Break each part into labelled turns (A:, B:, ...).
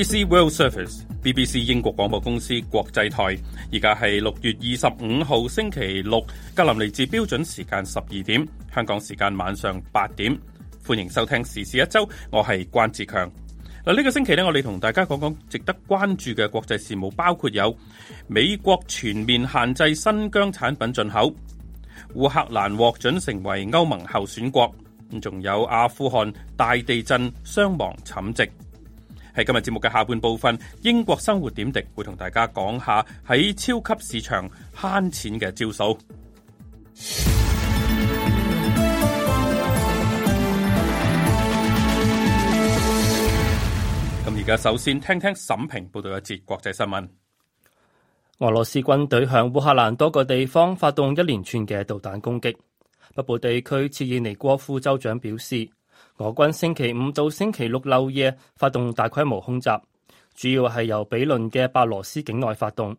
A: BBC World Service，BBC 英國廣播公司國際台，而家係六月二十五號星期六，格林尼治標準時間十二點，香港時間晚上八點，歡迎收聽時事一周，我係關志強。嗱，呢個星期咧，我哋同大家講講值得關注嘅國際事務，包括有美國全面限制新疆產品進口，烏克蘭獲准成為歐盟候選國，仲有阿富汗大地震傷亡枕藉。係今日節目嘅下半部分，英國生活點滴會同大家講下喺超級市場慳錢嘅招數。咁而家首先聽聽聽沈平報道一節國際新聞。
B: 俄羅斯軍隊向烏克蘭多個地方發動一連串嘅導彈攻擊。北部地區切爾尼戈夫州長表示。俄軍星期五到星期六漏夜發動大規模空襲，主要係由比鄰嘅白羅斯境內發動。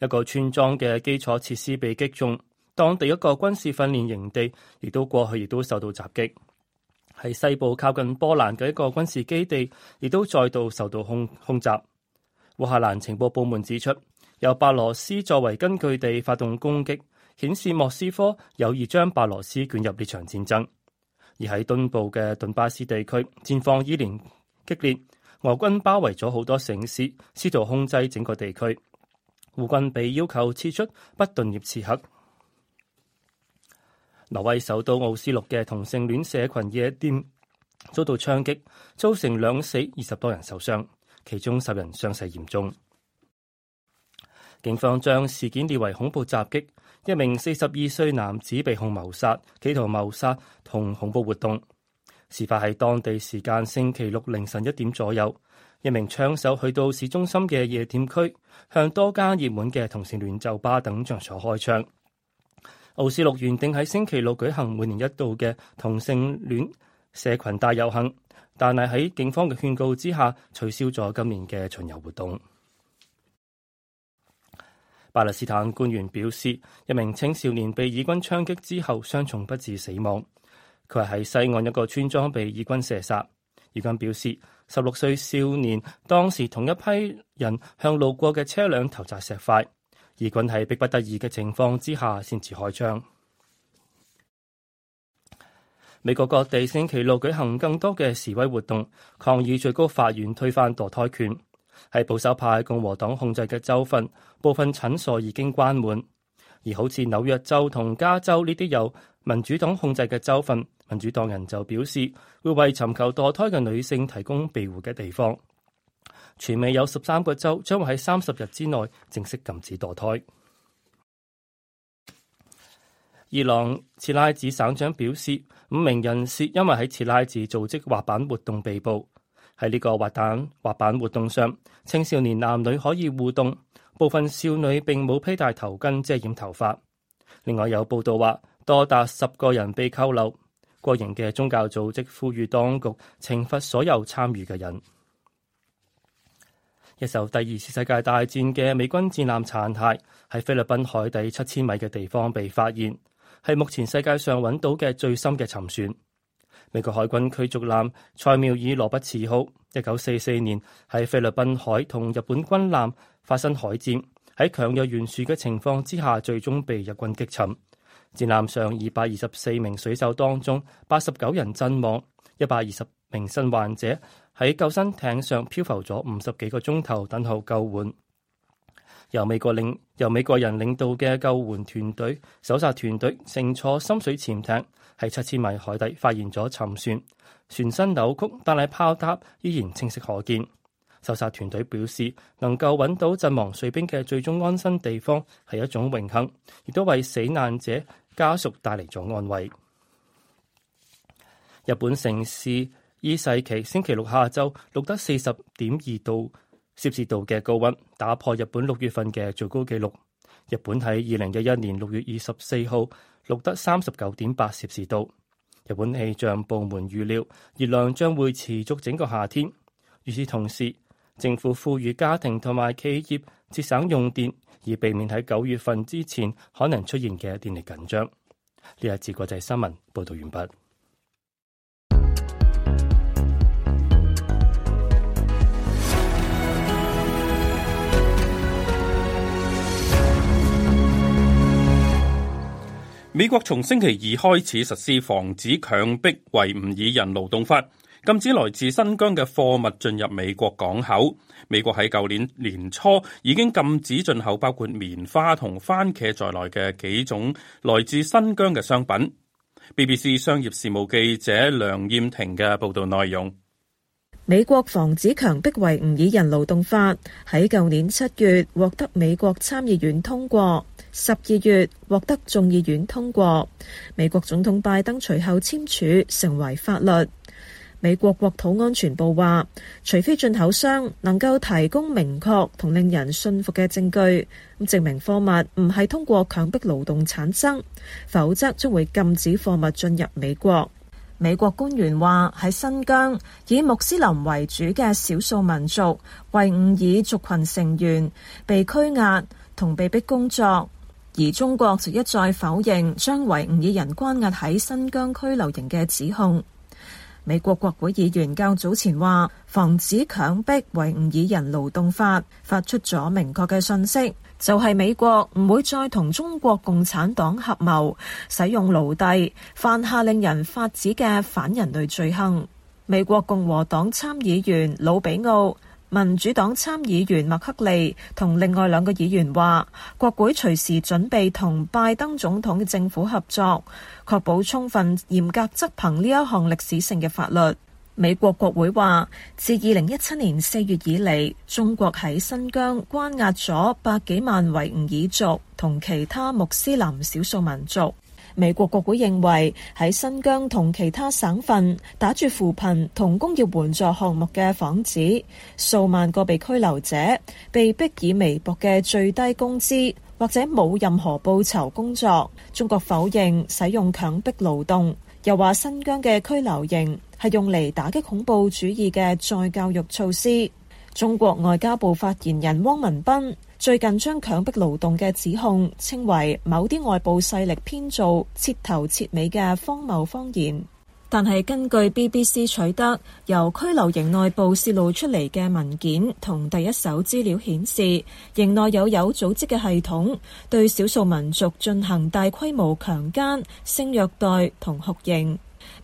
B: 一個村莊嘅基礎設施被擊中，當地一個軍事訓練營地亦都過去亦都受到襲擊。喺西部靠近波蘭嘅一個軍事基地，亦都再度受到空空襲。烏克蘭情報部門指出，由白羅斯作為根據地發動攻擊，顯示莫斯科有意將白羅斯捲入呢場戰爭。而喺東部嘅頓巴斯地區，戰況依然激烈，俄軍包圍咗好多城市，試圖控制整個地區。烏軍被要求撤出不頓涅茨克。挪威首都奧斯陸嘅同性戀社群夜店遭到槍擊，造成兩死二十多人受傷，其中十人傷勢嚴重。警方將事件列為恐怖襲擊。一名四十二歲男子被控謀殺、企圖謀殺同恐怖活動。事發喺當地時間星期六凌晨一點左右，一名槍手去到市中心嘅夜店區，向多家熱門嘅同性戀酒吧等場所開槍。奧斯陸原定喺星期六舉行每年一度嘅同性戀社群大遊行，但係喺警方嘅勸告之下，取消咗今年嘅巡遊活動。巴勒斯坦官員表示，一名青少年被以軍槍擊之後傷重不治死亡。佢係喺西岸一個村莊被以軍射殺。以軍表示，十六歲少年當時同一批人向路過嘅車輛投擲石塊，以軍喺逼不得已嘅情況之下先至開槍。美國各地星期六舉行更多嘅示威活動，抗議最高法院推翻墮胎權。係保守派共和黨控制嘅州份，部分診所已經關門；而好似紐約州同加州呢啲由民主黨控制嘅州份，民主黨人就表示會為尋求墮胎嘅女性提供庇護嘅地方。全美有十三個州將會喺三十日之內正式禁止墮胎。伊朗切拉茲省長表示，五名人士因為喺切拉茲組織滑板活動被捕。喺呢個滑蛋滑板活動上，青少年男女可以互動。部分少女並冇披戴頭巾遮掩頭髮。另外有報道話，多達十個人被扣留。國營嘅宗教組織呼籲當局懲罰所有參與嘅人。一艘第二次世界大戰嘅美軍戰艦殘骸喺菲律賓海底七千米嘅地方被發現，係目前世界上揾到嘅最深嘅沉船。美國海軍驅逐艦賽繆爾·羅伯茨號，一九四四年喺菲律賓海同日本軍艦發生海戰，喺強弱懸殊嘅情況之下，最終被日軍擊沉。戰艦上二百二十四名水手當中，八十九人陣亡，一百二十名新患者喺救生艇上漂浮咗五十幾個鐘頭，等候救援。由美國領由美國人領導嘅救援團隊、搜查團隊，乘坐深水潛艇。喺七千米海底發現咗沉船，船身扭曲，但係炮塔依然清晰可見。搜查團隊表示，能夠揾到陣亡水兵嘅最終安身地方係一種榮幸，亦都為死難者家屬帶嚟咗安慰。日本城市伊勢崎星期六下晝錄得四十點二度攝氏度嘅高溫，打破日本六月份嘅最高紀錄。日本喺二零一一年六月二十四號錄得三十九點八攝氏度。日本氣象部門預料熱量將會持續整個夏天。與此同時，政府賦予家庭同埋企業節省用電，以避免喺九月份之前可能出現嘅電力緊張。呢日自國際新聞報道完畢。
A: 美國從星期二開始實施防止強迫維吾爾人勞動法，禁止來自新疆嘅貨物進入美國港口。美國喺舊年年初已經禁止進口包括棉花同番茄在內嘅幾種來自新疆嘅商品。BBC 商業事務記者梁燕婷嘅報道內容：
C: 美國防止強迫維吾爾人勞動法喺舊年七月獲得美國參議院通過。十二月獲得眾議院通過，美國總統拜登隨後簽署成為法律。美國國土安全部話，除非進口商能夠提供明確同令人信服嘅證據，咁證明貨物唔係通過強迫勞動產生，否則將會禁止貨物進入美國。美國官員話，喺新疆，以穆斯林為主嘅少數民族，維吾爾族群成員被拘押同被逼工作。而中國就一再否認將維吾爾人關押喺新疆拘留營嘅指控。美國國會議員較早前話，防止強迫維吾爾人勞動法發出咗明確嘅信息，就係美國唔會再同中國共產黨合謀使用奴隸犯下令人發指嘅反人類罪行。美國共和黨參議員魯比奧。民主黨參議員麥克利同另外兩個議員話：國會隨時準備同拜登總統嘅政府合作，確保充分嚴格執行呢一項歷史性嘅法律。美國國會話：自二零一七年四月以嚟，中國喺新疆關押咗百幾萬維吾爾族同其他穆斯林少數民族。美國國會認為喺新疆同其他省份打住扶貧同工業援助項目嘅幌子，數萬個被拘留者被逼以微薄嘅最低工資或者冇任何報酬工作。中國否認使用強迫勞動，又話新疆嘅拘留營係用嚟打擊恐怖主義嘅再教育措施。中國外交部發言人汪文斌。最近將強迫勞動嘅指控稱為某啲外部勢力編造、徹頭徹尾嘅荒謬謊言。但係根據 BBC 取得由拘留營內部洩露出嚟嘅文件同第一手資料顯示，營內有有組織嘅系統對少數民族進行大規模強姦、性虐待同酷刑。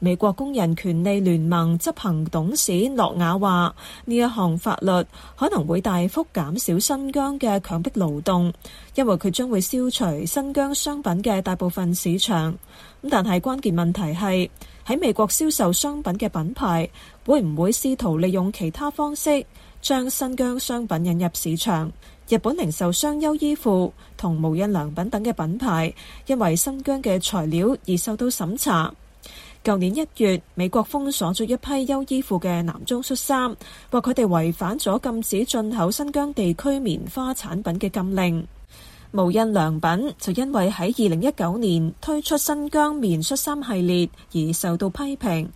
C: 美國工人權利聯盟執行董事諾亞話,呢一項法律可能會大幅減少新疆的強迫勞動,因為佢將會消除新疆商品的大部分市場,但係關鍵問題係,喺美國銷售商品的品牌會唔會試圖利用其他方式,將新疆商品引入市場,日本零售商優衣庫同無印良品等的品牌,因為新疆的材料而受到審查。舊年一月，美國封鎖咗一批優衣庫嘅男裝恤衫，話佢哋違反咗禁止進口新疆地區棉花產品嘅禁令。無印良品就因為喺二零一九年推出新疆棉恤衫系列而受到批評。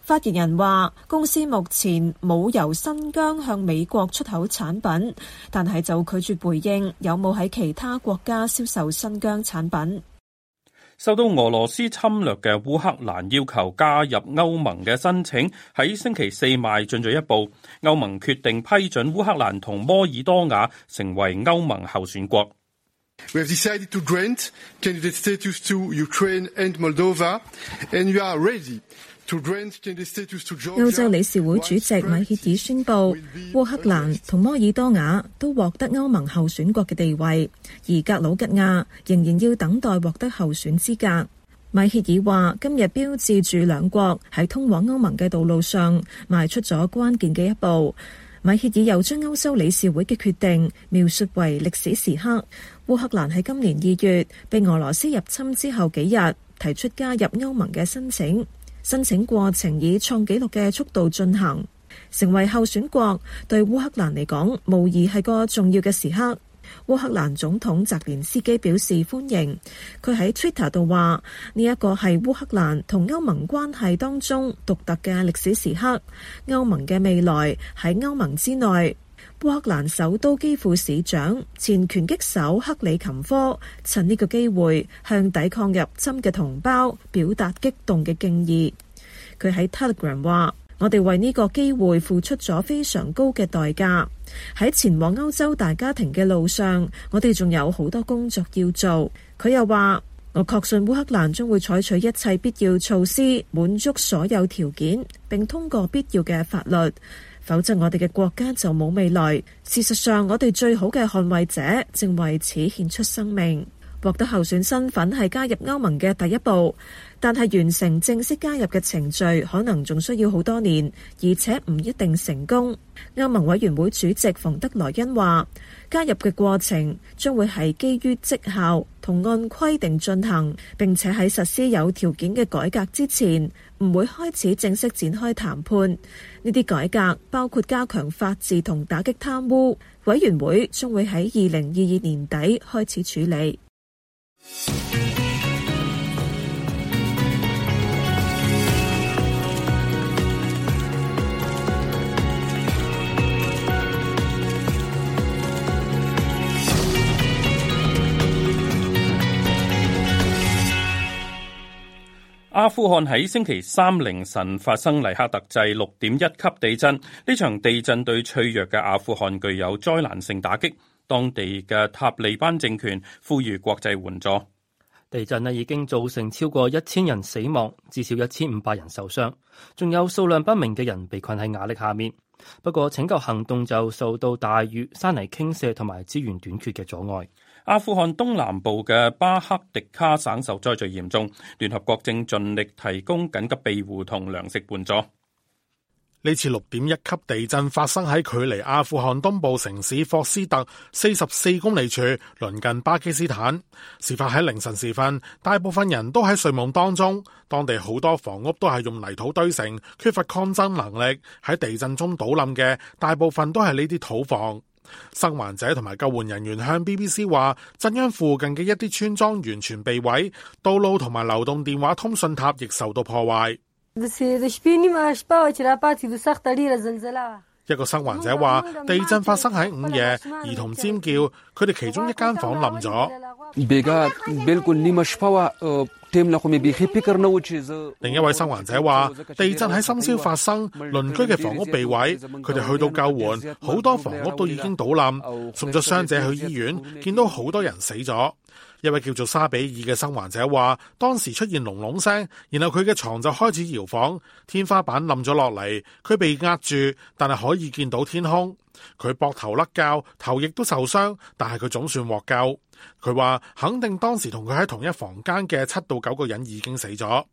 C: 發言人話，公司目前冇由新疆向美國出口產品，但係就拒絕回應有冇喺其他國家銷售新疆產品。
A: 受到俄羅斯侵略嘅烏克蘭要求加入歐盟嘅申請喺星期四邁進咗一步，歐盟決定批准烏克蘭同摩爾多瓦成為歐盟候選
D: 國。
C: 歐洲理事會主席米歇爾宣布，烏克蘭同摩爾多瓦都獲得歐盟候選國嘅地位，而格魯吉亞仍然要等待獲得候選資格。米歇爾話：今日標誌住兩國喺通往歐盟嘅道路上邁出咗關鍵嘅一步。米歇爾又將歐洲理事會嘅決定描述為歷史時刻。烏克蘭喺今年二月被俄羅斯入侵之後幾日提出加入歐盟嘅申請。申請過程以創紀錄嘅速度進行，成為候選國對烏克蘭嚟講，無疑係個重要嘅時刻。烏克蘭總統澤連斯基表示歡迎，佢喺 Twitter 度話：呢一個係烏克蘭同歐盟關係當中獨特嘅歷史時刻。歐盟嘅未來喺歐盟之內。烏克蘭首都基輔市長、前拳擊手克里琴科趁呢個機會向抵抗入侵嘅同胞表達激動嘅敬意。佢喺 Telegram 話：我哋為呢個機會付出咗非常高嘅代價。喺前往歐洲大家庭嘅路上，我哋仲有好多工作要做。佢又話：我確信烏克蘭將會採取一切必要措施，滿足所有條件，並通過必要嘅法律。否則我哋嘅國家就冇未來。事實上，我哋最好嘅捍衛者正為此獻出生命。獲得候選身份係加入歐盟嘅第一步，但係完成正式加入嘅程序可能仲需要好多年，而且唔一定成功。歐盟委員會主席馮德萊恩話：加入嘅過程將會係基於績效同按規定進行，並且喺實施有條件嘅改革之前，唔會開始正式展開談判。呢啲改革包括加強法治同打擊貪污，委員會將會喺二零二二年底開始處理。
A: 阿富汗喺星期三凌晨發生黎克特制六點一級地震，呢場地震對脆弱嘅阿富汗具有災難性打擊。當地嘅塔利班政權呼籲國際援助。
B: 地震咧已經造成超過一千人死亡，至少一千五百人受傷，仲有數量不明嘅人被困喺瓦礫下面。不過拯救行動就受到大雨、山泥傾瀉同埋資
A: 源短缺嘅阻礙。阿富汗東南部嘅巴克迪卡省受災最嚴重，聯合國正盡力提供緊急庇護同糧食援助。
D: 呢次六點一級地震發生喺距離阿富汗東部城市霍斯特四十四公里處，鄰近巴基斯坦。事發喺凌晨時分，大部分人都喺睡夢當中。當地好多房屋都係用泥土堆成，缺乏抗震能力。喺地震中倒冧嘅大部分都係呢啲土房。生還者同埋救援人員向 BBC 話，震央附近嘅一啲村莊完全被毀，道路同埋流動電話通訊塔亦受到破壞。一個生還者話：地震發生喺午夜，兒童尖叫，佢哋其中一間房冧咗。另一位生還者話：地震喺深宵發生，鄰居嘅房屋被毀，佢哋去到救援，好多房屋都已經倒冧，送咗傷者去醫院，見到好多人死咗。一位叫做沙比爾嘅生還者話，當時出現隆隆聲，然後佢嘅床就開始搖晃，天花板冧咗落嚟，佢被壓住，但係可以見到天空。佢膊頭甩骹，頭亦都受傷，但係佢總算獲救。佢話肯定當時同佢喺同一房間嘅七到九個人已經死咗。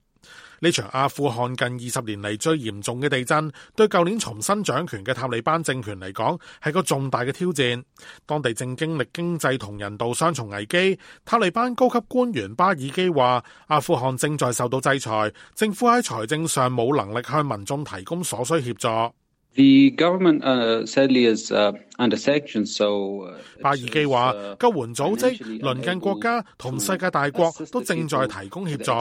D: 呢場阿富汗近二十年嚟，最嚴重嘅地震，對舊年重新掌權嘅塔利班政權嚟講，係個重大嘅挑戰。當地正經歷經濟同人道雙重危機。塔利班高級官員巴爾基話，阿富汗正在受到制裁，政府喺財政上冇能力向民眾提供所需協助。
E: The 巴爾
D: 基話：救援組織、鄰近國家同世界大國都正在提供協助。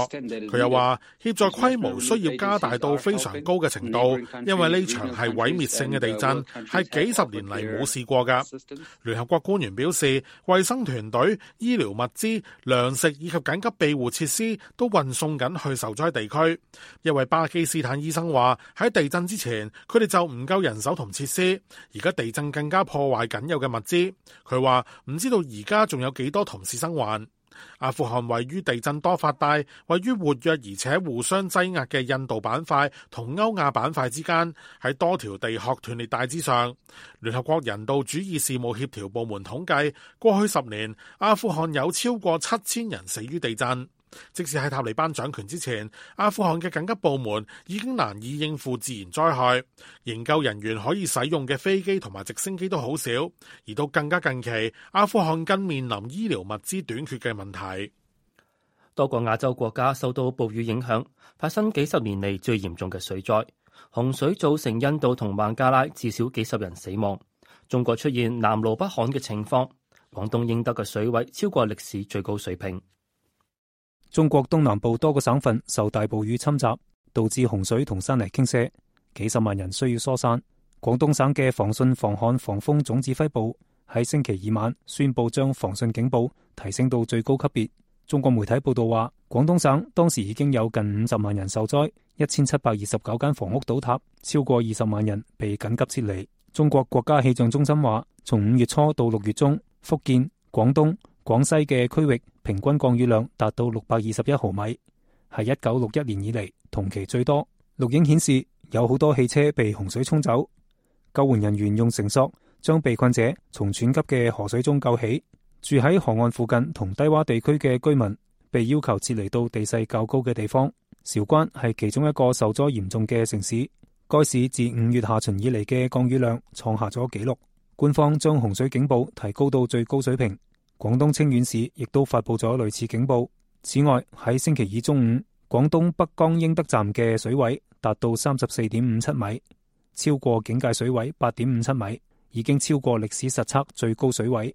D: 佢又話：協助規模需要加大到非常高嘅程度，因為呢場係毀滅性嘅地震，係幾十年嚟冇試過㗎。聯合國官員表示，衞生團隊、醫療物資、糧食以及緊急庇護設施都運送緊去受災地區。一位巴基斯坦醫生話：喺地震之前，佢哋就唔夠人手同設施，而家地震更加，破壞僅有嘅物資，佢話唔知道而家仲有幾多同事生還。阿富汗位於地震多發帶，位於活躍而且互相擠壓嘅印度板塊同歐亞板塊之間，喺多條地殼斷裂帶之上。聯合國人道主義事務協調部門統計，過去十年阿富汗有超過七千人死於地震。即使喺塔利班掌權之前，阿富汗嘅緊急部門已經難以應付自然災害，營救人員可以使用嘅飛機同埋直升機都好少。而到更加近期，阿富汗更面臨醫療物資短缺嘅問題。多個亞洲國家
B: 受到暴雨影響，發生幾十年嚟最嚴重嘅水災，洪水造成印度同孟加拉至少幾十人死亡。中國出現南澇北旱嘅情況，
E: 廣東英德嘅水位超過歷史最高水平。中國東南部多個省份受大暴雨侵襲，導致洪水同山泥傾瀉，幾十萬人需要疏散。廣東省嘅防汛防旱防風總指揮部喺星期二晚宣布將防汛警報提升到最高級別。中國媒體報道話，廣東省當時已經有近五十萬人受災，一千七百二十九間房屋倒塌，超過二十萬人被緊急撤離。中國國家氣象中心話，從五月初到六月中，福建、廣東、廣西嘅區域。平均降雨量達到六百二十一毫米，係一九六一年以嚟同期最多。錄影顯示有好多汽車被洪水沖走，救援人員用繩索將被困者從湍急嘅河水中救起。住喺河岸附近同低窪地區嘅居民被要求撤離到地勢較高嘅地方。韶關係其中一個受災嚴重嘅城市，該市自五月下旬以嚟嘅降雨量創下咗紀錄，官方將洪水警報提高到最高水平。廣東清遠市亦都發佈咗類似警報。此外，喺星期二中午，廣東北江英德站嘅水位達到三十四點五七米，超過警戒水位八點五七米，已經超過歷史實測最高水位。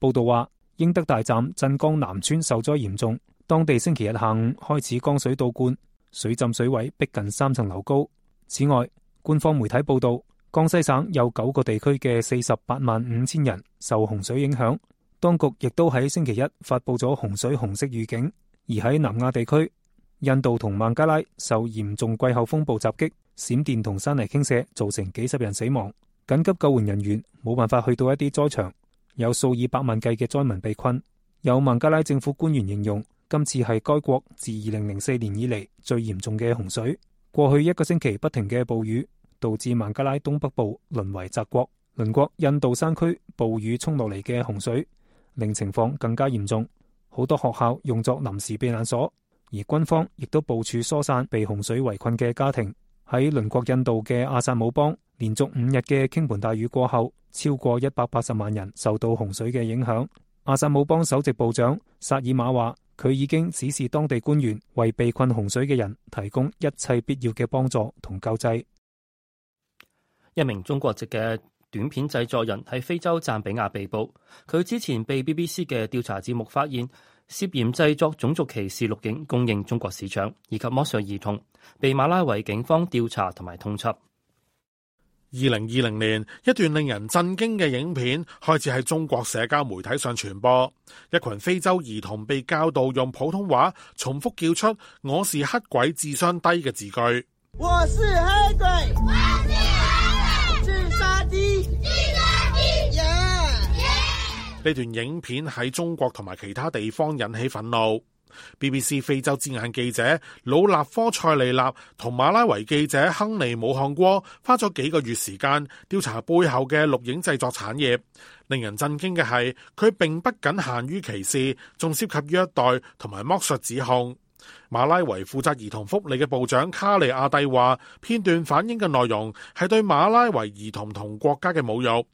E: 報道話，英德大站鎮江南村受災嚴重，當地星期日下午開始江水倒灌，水浸水位逼近三層樓高。此外，官方媒體報道，江西省有九個地區嘅四十八萬五千人受洪水影響。當局亦都喺星期一發布咗洪水紅色預警，而喺南亞地區，印度同孟加拉受嚴重季候風暴襲擊，閃電同山泥傾瀉造成幾十人死亡。緊急救援人員冇辦法去到一啲災場，有數以百萬計嘅災民被困。有孟加拉政府官員形容，今次係該國自二零零四年以嚟最嚴重嘅洪水。過去一個星期不停嘅暴雨，導致孟加拉東北部淪為澤國。鄰國印度山區暴雨沖落嚟嘅洪水。令情況更加嚴重，好多學校用作臨時避難所，而軍方亦都部署疏散被洪水圍困嘅家庭。喺鄰國印度嘅阿薩姆邦，連續五日嘅傾盆大雨過後，超過一百八十萬人受到洪水嘅影響。阿薩姆邦首席部長薩爾馬話，佢已經指示當地官員為被困洪水嘅人提供一切必要嘅幫助同救濟。
B: 一名中國籍嘅短片製作人喺非洲贊比亞被捕，佢之前被 BBC 嘅調查節目發現涉嫌製作種族歧視錄影，供應中國市場，以及剝削兒童，被馬拉維警方調查同埋通緝。
D: 二零二零年，一段令人震驚嘅影片開始喺中國社交媒體上傳播，一群非洲兒童被教導用普通話重複叫出「我是黑鬼智商低」嘅字句。
E: 我是黑鬼。
D: 呢段影片喺中國同埋其他地方引起憤怒。BBC 非洲之眼記者魯納科·塞利納同馬拉維記者亨利姆汗戈花咗幾個月時間調查背後嘅錄影製作產業。令人震驚嘅係，佢並不僅限於歧視，仲涉及虐待同埋剝削指控。馬拉維負責兒童福利嘅部長卡利亞蒂話：片段反映嘅內容係對馬拉維兒童同國家嘅侮辱。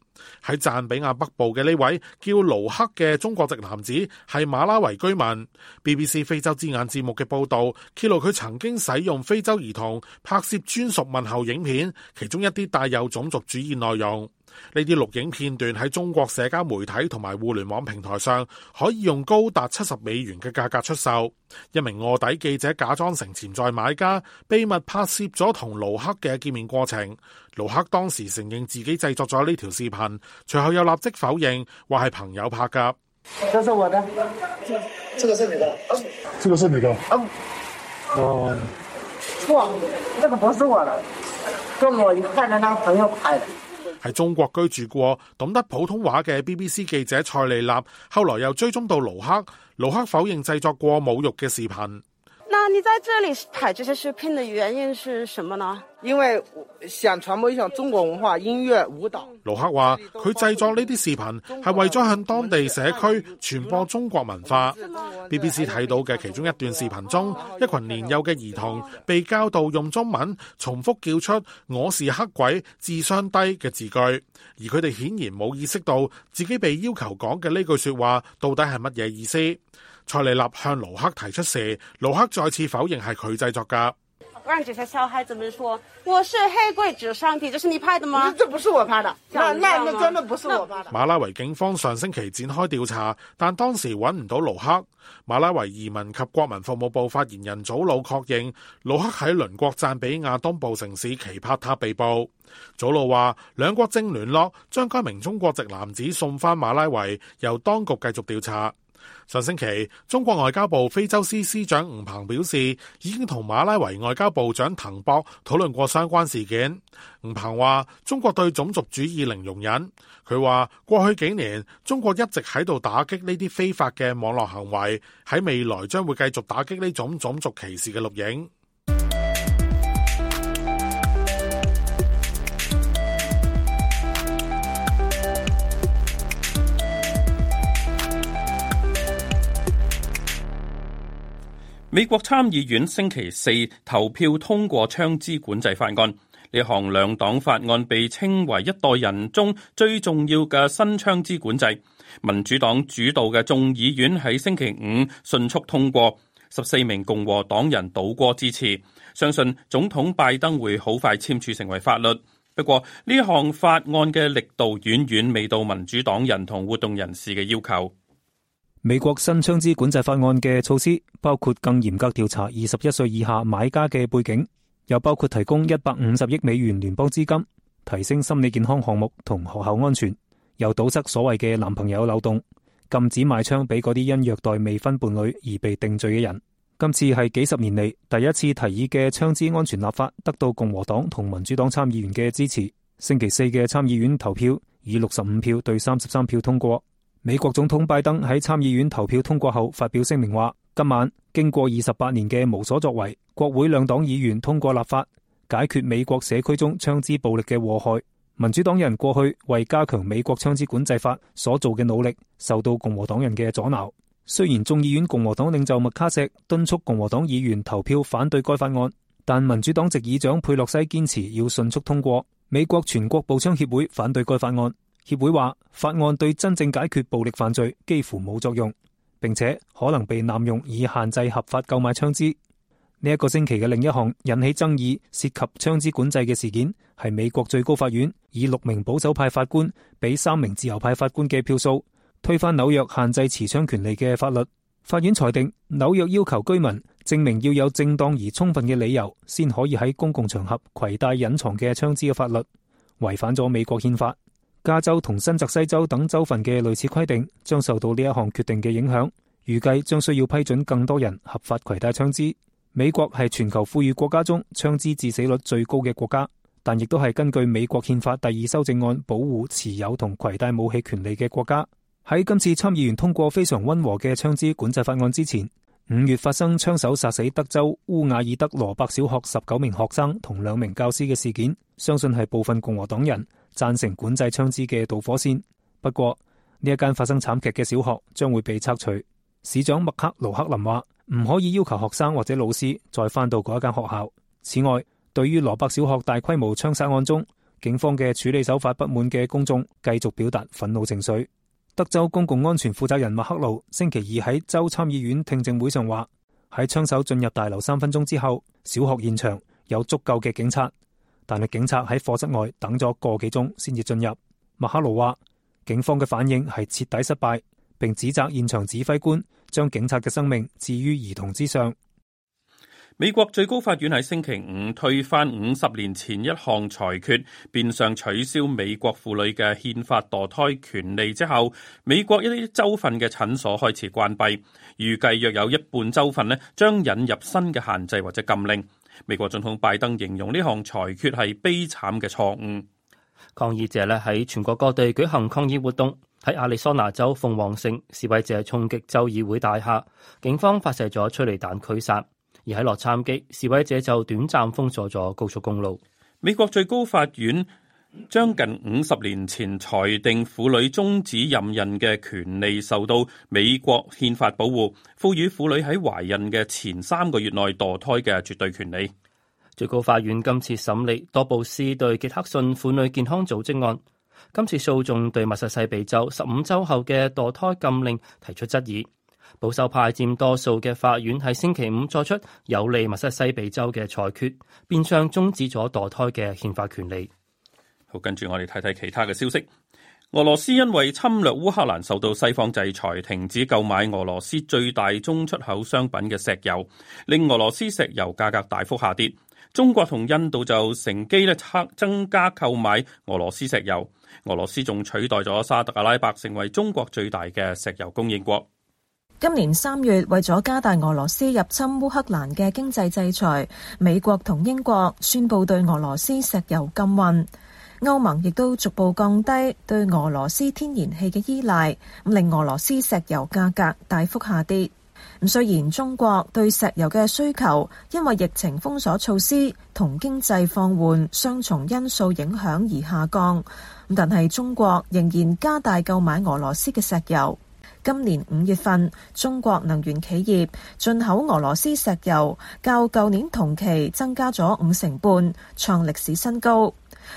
D: 喺讚比亞北部嘅呢位叫盧克嘅中國籍男子係馬拉維居民。BBC 非洲之眼節目嘅報道揭露佢曾經使用非洲兒童拍攝專屬問候影片，其中一啲帶有種族主義內容。呢啲錄影片段喺中國社交媒體同埋互聯網平台上，可以用高達七十美元嘅價格出售。一名臥底記者假裝成潛在買家，秘密拍攝咗同盧克嘅見面過程。盧克當時承認自己製作咗呢條視頻，隨後又立即否認，話係朋友拍噶。這是我的。這個是你
F: 的。這個是你的。哦，哇，這個不
D: 是我的，這個你看的那朋友拍的。喺中國居住過、懂得普通話嘅 BBC 記者蔡利娜後來又追蹤到盧克。盧克否認製作過侮辱嘅視頻。
C: 你在這裏拍這些視頻的原因是什麼呢？因為想傳播一種中國文化、音樂、舞蹈。
D: 盧克話：佢製作呢啲視頻係為咗向當地社區傳播中國文化。BBC 睇到嘅其中一段視頻中， 一群年幼嘅兒童被教導用中文重複叫出“我是黑鬼，智商低”嘅字句，而佢哋顯然冇意識到自己被要求講嘅呢句說話到底係乜嘢意思。蔡利立向盧克提出時，盧克再次否認係佢製作噶。讓
C: 這些小孩怎麼說，我是黑鬼紙上帝，這是你拍的嗎？這不是我拍的，那那那真的不是我拍的。那
D: 馬拉維警方上星期展開調查，但當時揾唔到盧克。馬拉維移民及國民服務部發言人祖魯確認，盧克喺鄰國贊比亞東部城市奇帕塔被捕。祖魯話，兩國正聯絡，將該名中國籍男子送翻馬拉維，由當局繼續調查。上星期，中國外交部非洲司司長吳鵬表示，已經同馬拉維外交部長滕博討論過相關事件。吳鵬話，中國對種族主義零容忍。佢話過去幾年，中國一直喺度打擊呢啲非法嘅網絡行為，喺未來將會繼續打擊呢種種族歧視嘅錄影。
A: 美國參議院星期四投票通過槍支管制法案，呢項兩黨法案被稱為一代人中最重要嘅新槍支管制。民主黨主導嘅眾議院喺星期五迅速通過，十四名共和黨人倒戈支持，相信總統拜登會好快簽署成為法律。不過，呢項法案嘅力度遠遠未到民主黨人同活動人士嘅要
E: 求。美國新槍支管制法案嘅措施包括更嚴格調查二十一歲以下買家嘅背景，又包括提供一百五十億美元聯邦資金，提升心理健康項目同學校安全，又堵塞所謂嘅男朋友漏洞，禁止買槍俾嗰啲因虐待未婚伴侶而被定罪嘅人。今次係幾十年嚟第一次提議嘅槍支安全立法得到共和黨同民主黨參議員嘅支持。星期四嘅參議院投票以六十五票對三十三票通過。美國總統拜登喺參議院投票通過後發表聲明話：今晚經過二十八年嘅無所作為，國會兩黨議員通過立法解決美國社區中槍支暴力嘅禍害。民主黨人過去為加強美國槍支管制法所做嘅努力，受到共和黨人嘅阻撓。雖然眾議院共和黨領袖麥卡錫敦促共和黨議員投票反對該法案，但民主黨籍議長佩洛西堅持要迅速通過。美國全國步槍協會反對該法案。協會話，法案對真正解決暴力犯罪幾乎冇作用，並且可能被濫用以限制合法購買槍支。呢、這、一個星期嘅另一項引起爭議，涉及槍支管制嘅事件，係美國最高法院以六名保守派法官比三名自由派法官嘅票數，推翻紐約限制持槍權利嘅法律。法院裁定，紐約要求居民證明要有正當而充分嘅理由，先可以喺公共場合携帶隱藏嘅槍支嘅法律，違反咗美國憲法。加州同新澤西州等州份嘅類似規定，將受到呢一項決定嘅影響，預計將需要批准更多人合法攜帶槍支。美國係全球富裕國家中槍支致死率最高嘅國家，但亦都係根據美國憲法第二修正案保護持有同攜帶武器權利嘅國家。喺今次參議員通過非常溫和嘅槍支管制法案之前，五月發生槍手殺死德州烏瓦爾德羅伯小學十九名學生同兩名教師嘅事件，相信係部分共和黨人。贊成管制槍支嘅導火線，不過呢一間發生慘劇嘅小學將會被拆除。市長麥克盧克林話：唔可以要求學生或者老師再返到嗰一間學校。此外，對於羅伯小學大規模槍殺案中警方嘅處理手法不滿嘅公眾繼續表達憤怒情緒。德州公共安全負責人麥克路星期二喺州參議院聽證會上話：喺槍手進入大樓三分鐘之後，小學現場有足夠嘅警察。但係警察喺課室外等咗個幾鐘先至進入。麥克勞話：警方嘅反應係徹底失敗，並指責現場指揮官將警察嘅生命置於兒童之上。
A: 美國最高法院喺星期五推翻五十年前一項裁決，變相取消美國婦女嘅憲法墮胎權利之後，美國一啲州份嘅診所開始關閉，預計約有一半州份咧將引入新嘅限制或者禁令。美國總統拜登形容呢項裁決係悲慘嘅錯誤。
B: 抗議者咧喺全國各地舉行抗議活動，喺亞利桑那州鳳凰城示威者衝擊州議會大廈，警方發射咗催淚彈驅散；而喺洛
A: 杉磯，示威者就短暫封鎖咗高速公路。美國最高法院。將近五十年前裁定，婦女終止任孕嘅權利受到美國憲法保護，賦予婦女喺懷孕嘅前三個月內墮胎嘅絕對權利。最高法院今次審理多布斯對傑克遜婦
B: 女健康組織案，今次訴訟對密西西比州十五周後嘅墮胎禁令提出質疑。保守派佔多數嘅法院喺星期五作出有利密西西比州嘅裁決，變相終止咗墮胎嘅憲法權利。
A: 好，跟住我哋睇睇其他嘅消息。俄羅斯因為侵略烏克蘭，受到西方制裁，停止購買俄羅斯最大宗出口商品嘅石油，令俄羅斯石油價格大幅下跌。中國同印度就乘機咧測增加購買俄羅斯石油。俄羅斯仲取代咗沙特阿拉伯，成為中國最大嘅石油供應國。
C: 今年三月，為咗加大俄羅斯入侵烏克蘭嘅經濟制裁，美國同英國宣布對俄羅斯石油禁運。歐盟亦都逐步降低對俄羅斯天然氣嘅依賴，咁令俄羅斯石油價格大幅下跌。咁雖然中國對石油嘅需求因為疫情封鎖措施同經濟放緩雙重因素影響而下降，咁但係中國仍然加大購買俄羅斯嘅石油。今年五月份，中國能源企業進口俄羅斯石油較舊年同期增加咗五成半，創歷史新高。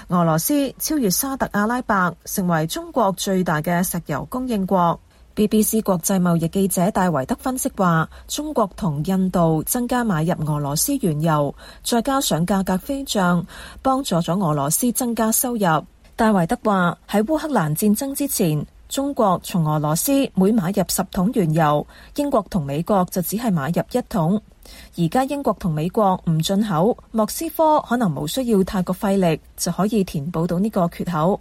C: 俄羅斯超越沙特阿拉伯，成為中國最大嘅石油供應國。BBC 國際貿易記者戴維德分析話，中國同印度增加買入俄羅斯原油，再加上價格飛漲，幫助咗俄羅斯增加收入。戴維德話，喺烏克蘭戰爭之前，中國從俄羅斯每買入十桶原油，英國同美國就只係買入一桶。而家英國同美國唔進口，莫斯科可能無需要太過費力就可以填補到呢個缺口。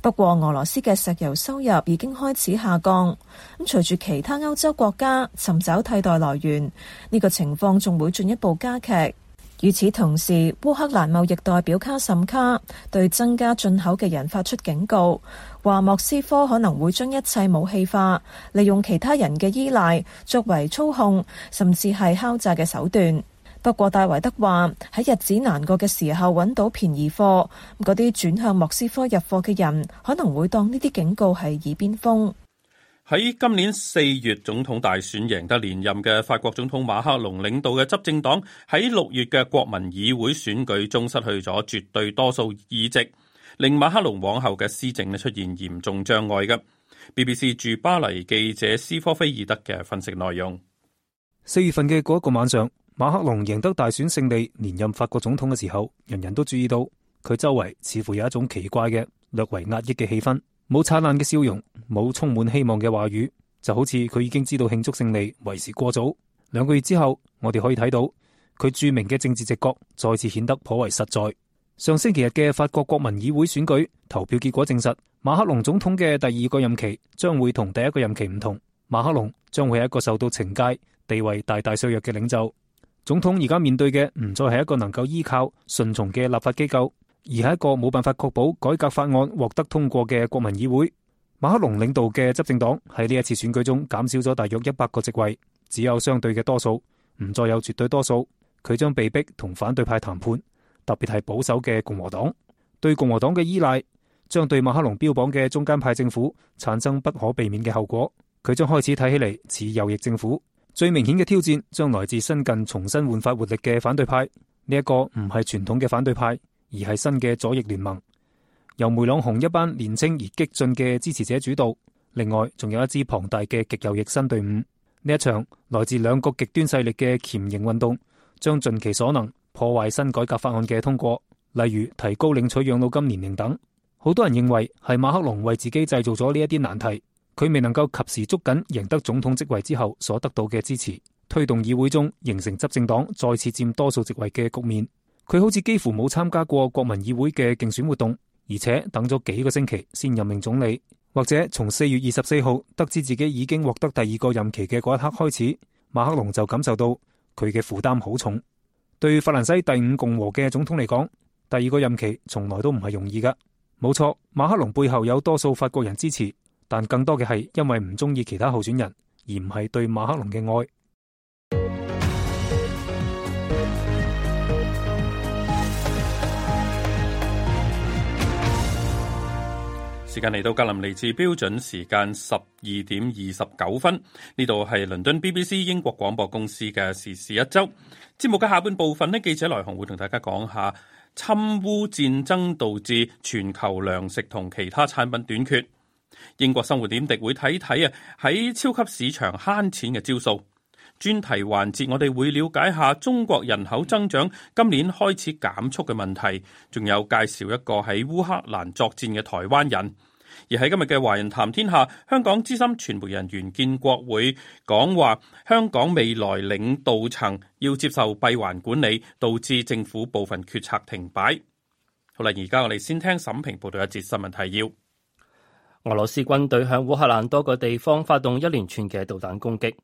C: 不過俄羅斯嘅石油收入已經開始下降，咁隨住其他歐洲國家尋找替代來源，呢個情況仲會進一步加劇。與此同時，烏克蘭貿易代表卡什卡對增加進口嘅人發出警告，話莫斯科可能會將一切武器化，利用其他人嘅依賴作為操控，甚至係敲詐嘅手段。不過戴維德話喺日子難過嘅時候，揾到便宜貨，嗰啲轉向莫斯科入貨嘅人可能會當呢啲警告係耳邊風。
A: 喺今年四月總統大選贏得連任嘅法國總統馬克龍領導嘅執政黨喺六月嘅國民議會選舉中失去咗絕對多數議席，令馬克龍往後嘅施政呢出現嚴重障礙噶。BBC 駐巴黎記者斯科菲爾德嘅分析內容：
E: 四月份嘅嗰一個晚上，馬克龍贏得大選勝利連任法國總統嘅時候，人人都注意到佢周圍似乎有一種奇怪嘅略為壓抑嘅氣氛。冇燦爛嘅笑容，冇充滿希望嘅話語，就好似佢已經知道慶祝勝利為時過早。兩個月之後，我哋可以睇到佢著名嘅政治直覺再次顯得頗為實在。上星期日嘅法國國民議會選舉投票結果證實，馬克龍總統嘅第二個任期將會同第一個任期唔同。馬克龍將會係一個受到懲戒、地位大大削弱嘅領袖。總統而家面對嘅唔再係一個能夠依靠、順從嘅立法機構，而係一個冇辦法確保改革法案獲得通過嘅國民議會，馬克龍領導嘅執政黨喺呢一次選舉中減少咗大約一百個席位，只有相對嘅多數，唔再有絕對多數。佢將被逼同反對派談判，特別係保守嘅共和黨對共和黨嘅依賴，將對馬克龍標榜嘅中間派政府產生不可避免嘅後果。佢將開始睇起嚟似右翼政府，最明顯嘅挑戰將來自新近重新煥發活力嘅反對派。呢一個唔係傳統嘅反對派。而係新嘅左翼聯盟，由梅朗雄一班年青而激進嘅支持者主導。另外，仲有一支龐大嘅極右翼新隊伍。呢一場來自兩個極端勢力嘅鉗形運動，將盡其所能破壞新改革法案嘅通過，例如提高領取養老金年齡等。好多人認為係馬克龍為自己製造咗呢一啲難題，佢未能夠及時捉緊贏得總統職位之後所得到嘅支持，推動議會中形成執政黨再次佔多數席位嘅局面。佢好似幾乎冇參加過國民議會嘅競選活動，而且等咗幾個星期先任命總理。或者從四月二十四號得知自己已經獲得第二個任期嘅嗰一刻開始，馬克龍就感受到佢嘅負擔好重。對法蘭西第五共和嘅總統嚟講，第二個任期從來都唔係容易噶。冇錯，馬克龍背後有多數法國人支持，但更多嘅係因為唔中意其他候選人，而唔係對馬克龍嘅愛。
A: 時間嚟到格林尼治標準時間十二點二十九分，呢度係倫敦 BBC 英國廣播公司嘅時事一周節目嘅下半部分呢，記者來鴻會同大家講下，侵污戰爭導致全球糧食同其他產品短缺。英國生活點滴會睇睇啊，喺超級市場慳錢嘅招數。專題環節，我哋會了解下中國人口增長今年開始減速嘅問題，仲有介紹一個喺烏克蘭作戰嘅台灣人。而喺今日嘅《華人談天下》，香港資深傳媒人袁建國會講話：香港未來領導層要接受閉環管理，導致政府部分決策停擺。好啦，而家我哋先聽沈平報道一節新聞提要：
B: 俄羅斯軍隊向烏克蘭多個地方發動一連串嘅導彈攻擊。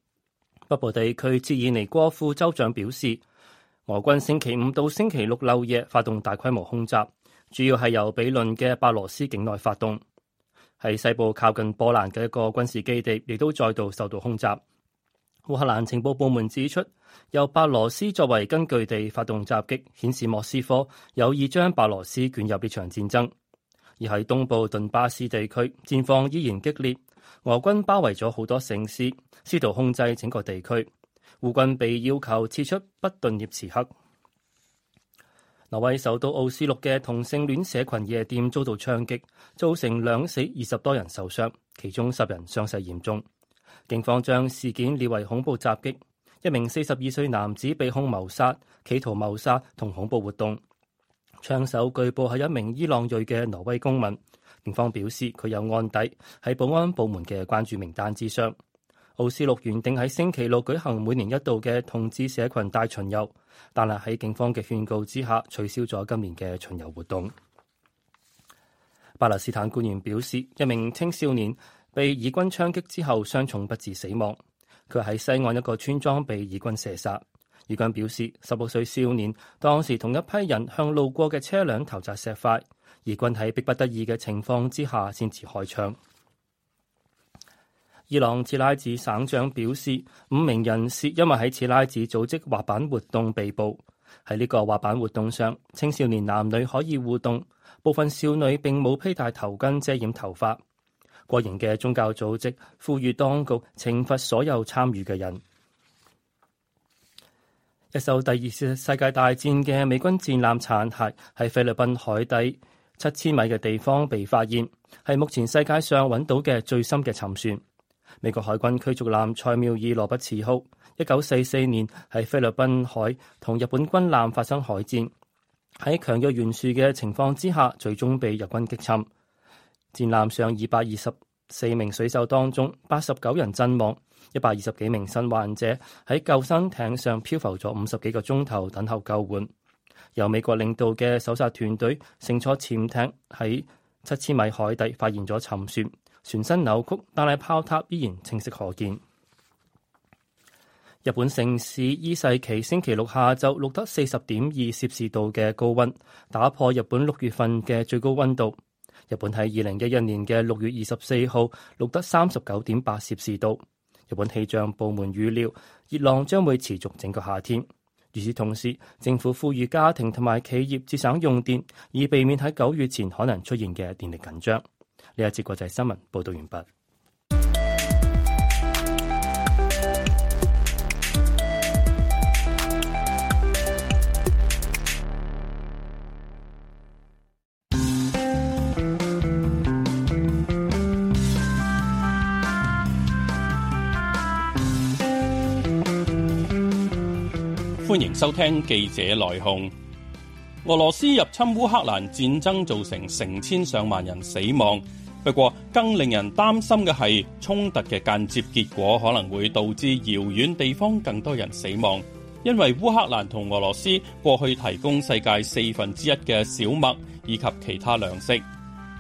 B: 北部地區，切爾尼戈夫州長表示，俄軍星期五到星期六漏夜發動大規模空襲，主要係由比鄰嘅白羅斯境內發動。喺西部靠近波蘭嘅一個軍事基地，亦都再度受到空襲。烏克蘭情報部門指出，由白羅斯作為根據地發動襲擊，顯示莫斯科有意將白羅斯捲入呢場戰爭。而喺東部頓巴斯地區，戰況依然激烈。俄軍包圍咗好多城市，試圖控制整個地區。烏軍被要求撤出北頓涅茨克。挪威首都奧斯陸嘅同性戀社群夜店遭到槍擊，造成兩死二十多人受傷，其中十人傷勢嚴重。警方將事件列為恐怖襲擊。一名四十二歲男子被控謀殺、企圖謀殺同恐怖活動。槍手據報係一名伊朗裔嘅挪威公民。警方表示佢有案底，喺保安部門嘅關注名單之上。奧斯陸原定喺星期六舉行每年一度嘅同志社群大巡遊，但係喺警方嘅勸告之下取消咗今年嘅巡遊活動。巴勒斯坦官員表示，一名青少年被以軍槍擊之後傷重不治死亡。佢喺西岸一個村莊被以軍射殺。以軍表示，十六歲少年當時同一批人向路過嘅車輛投擲石塊。而軍喺逼不得已嘅情況之下，先至開槍。伊朗切拉子省長表示，五名人士因為喺切拉子組織滑板活動被捕。喺呢個滑板活動上，青少年男女可以互動，部分少女並冇披戴頭巾遮掩頭髮。過型嘅宗教組織呼籲當局懲罰所有參與嘅人。一艘第二次世界大戰嘅美軍戰艦殘骸喺菲律賓海底七千米嘅地方被發現，係目前世界上揾到嘅最深嘅沉船。美國海軍驅逐艦塞繆爾羅伯茨號，一九四四年喺菲律賓海同日本軍艦發生海戰，喺強弱懸殊嘅情況之下，最終被日軍擊沉。戰艦上二百二十四名水手當中，八十九人陣亡，一百二十幾名生還者喺救生艇上漂浮咗五十幾個鐘頭，等候救援。由美國領導嘅搜查團隊乘坐潛艇喺七千米海底發現咗沉船，船身扭曲，但係炮塔依然清晰可見。日本城市伊勢崎星期六下晝錄得四十點二攝氏度嘅高温，打破日本六月份嘅最高温度。日本喺二零一一年嘅六月二十四號錄得三十九點八攝氏度。日本氣象部門預料熱浪將會持續整個夏天。與此同時，政府呼籲家庭同埋企業節省用電，以避免喺九月前可能出現嘅電力緊張。呢一節國際新聞報道完畢。
A: 歡迎收聽記者來鴻。俄羅斯入侵烏克蘭戰爭造成成千上萬人死亡，不過更令人擔心嘅係衝突嘅間接結果可能會導致遙遠地方更多人死亡，因為烏克蘭同俄羅斯過去提供世界四分之一嘅小麥以及其他糧食，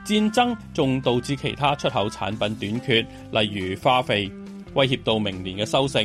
A: 戰爭仲導致其他出口產品短缺，例如化肥，威脅到明年嘅收成。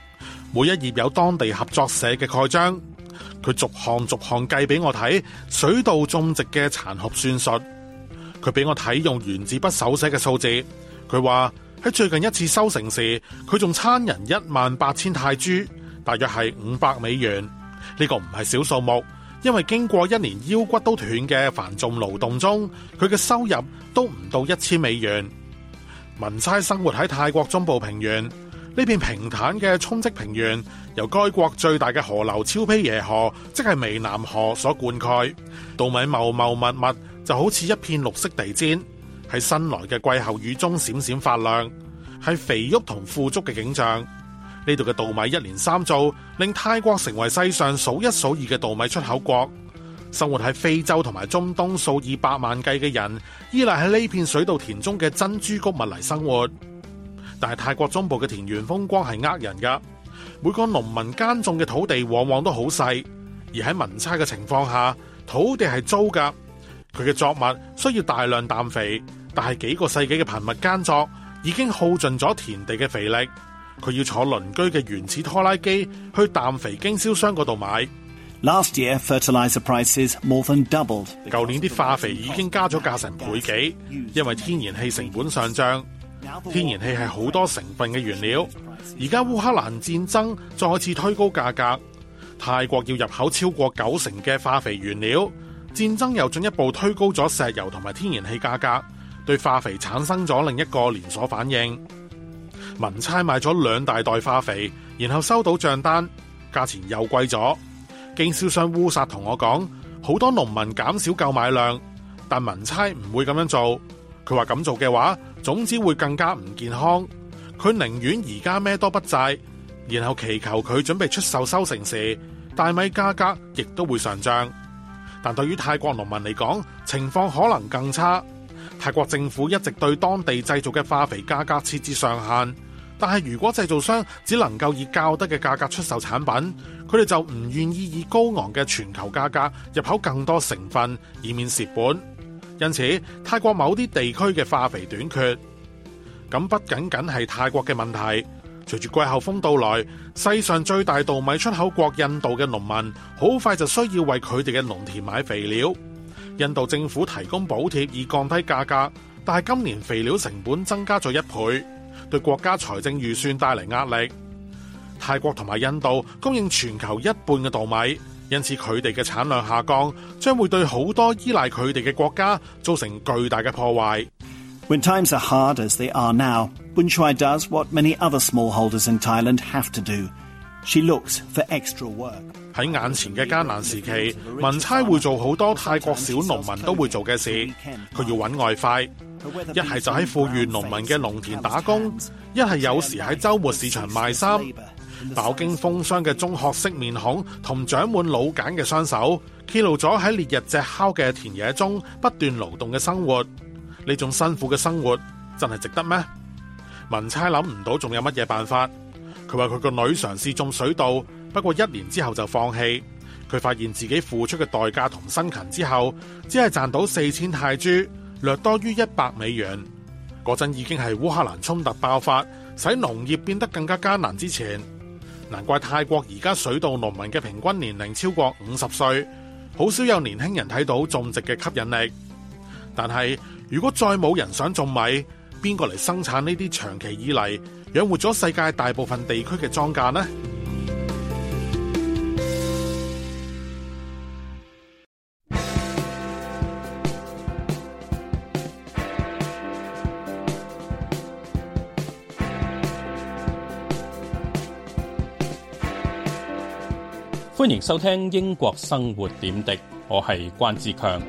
D: 每一頁有當地合作社嘅蓋章，佢逐項逐項計俾我睇水稻種植嘅殘酷算術，佢俾我睇用原子筆手寫嘅數字。佢話喺最近一次收成時，佢仲差人一萬八千泰銖，大約係五百美元。呢、這個唔係小數目，因為經過一年腰骨都斷嘅繁重勞動中，佢嘅收入都唔到一千美元。文差生活喺泰國中部平原。呢片平坦嘅沖積平原，由該國最大嘅河流——昭披耶河，即係湄南河所灌溉。稻米茂茂密密，就好似一片綠色地氈，喺新來嘅季候雨中閃閃發亮，係肥沃同富足嘅景象。呢度嘅稻米一年三造，令泰國成為世上數一數二嘅稻米出口國。生活喺非洲同埋中東數以百萬計嘅人，依賴喺呢片水稻田中嘅珍珠谷物嚟生活。但係泰國中部嘅田園風光係呃人噶，每個農民耕種嘅土地往往都好細，而喺民差嘅情況下，土地係租噶。佢嘅作物需要大量氮肥，但係幾個世紀嘅頻密耕作已經耗盡咗田地嘅肥力。佢要坐鄰居嘅原始拖拉機去氮肥經銷商嗰度買。Last year,
E: fertilizer prices more than doubled。
D: 舊年啲化肥已經加咗價成倍幾，因為天然氣成本上漲。天然氣係好多成分嘅原料，而家烏克蘭戰爭再次推高價格。泰國要入口超過九成嘅化肥原料，戰爭又進一步推高咗石油同埋天然氣價格，對化肥產生咗另一個連鎖反應。文差買咗兩大袋化肥，然後收到賬單，價錢又貴咗。經銷商烏薩同我講，好多農民減少購買量，但文差唔會咁樣做。佢話咁做嘅話，種子會更加唔健康。佢寧願而家咩都不制，然後祈求佢準備出售收成時，大米價格亦都會上漲。但對於泰國農民嚟講，情況可能更差。泰國政府一直對當地製造嘅化肥價格設置上限，但係如果製造商只能夠以較低嘅價格出售產品，佢哋就唔願意以高昂嘅全球價格入口更多成分，以免蝕本。因此，泰國某啲地區嘅化肥短缺，咁不僅僅係泰國嘅問題。隨住季候風到來，世上最大稻米出口國印度嘅農民，好快就需要為佢哋嘅農田買肥料。印度政府提供補貼以降低價格，但係今年肥料成本增加咗一倍，對國家財政預算帶嚟壓力。泰國同埋印度供應全球一半嘅稻米。因此佢哋嘅產量下降，將會對好多依賴佢哋嘅國家造成巨大嘅破壞。When times are hard as they are now, Bunchuai does what many other smallholders in Thailand have to do. She looks for extra work. 喺眼前嘅艱難時期，文差會做好多泰國小農民都會做嘅事，佢要揾外快，一係就喺富裕農民嘅農田打工，一係有時喺週末市場賣衫。飽經風霜嘅中學式面孔同長滿老繭嘅雙手，揭露咗喺烈日炙烤嘅田野中不斷勞動嘅生活。呢種辛苦嘅生活，真係值得咩？文差諗唔到仲有乜嘢辦法。佢話佢個女嘗試種水稻，不過一年之後就放棄。佢發現自己付出嘅代價同辛勤之後，只係賺到四千泰銖，略多於一百美元。嗰陣已經係烏克蘭衝突爆發，使農業變得更加艱難之前。難怪泰國而家水稻農民嘅平均年齡超過五十歲，好少有年輕人睇到種植嘅吸引力。但係，如果再冇人想種米，邊個嚟生產呢啲長期以來養活咗世界大部分地區嘅莊稼呢？
A: 歡迎收聽英國生活點滴,我係關志強。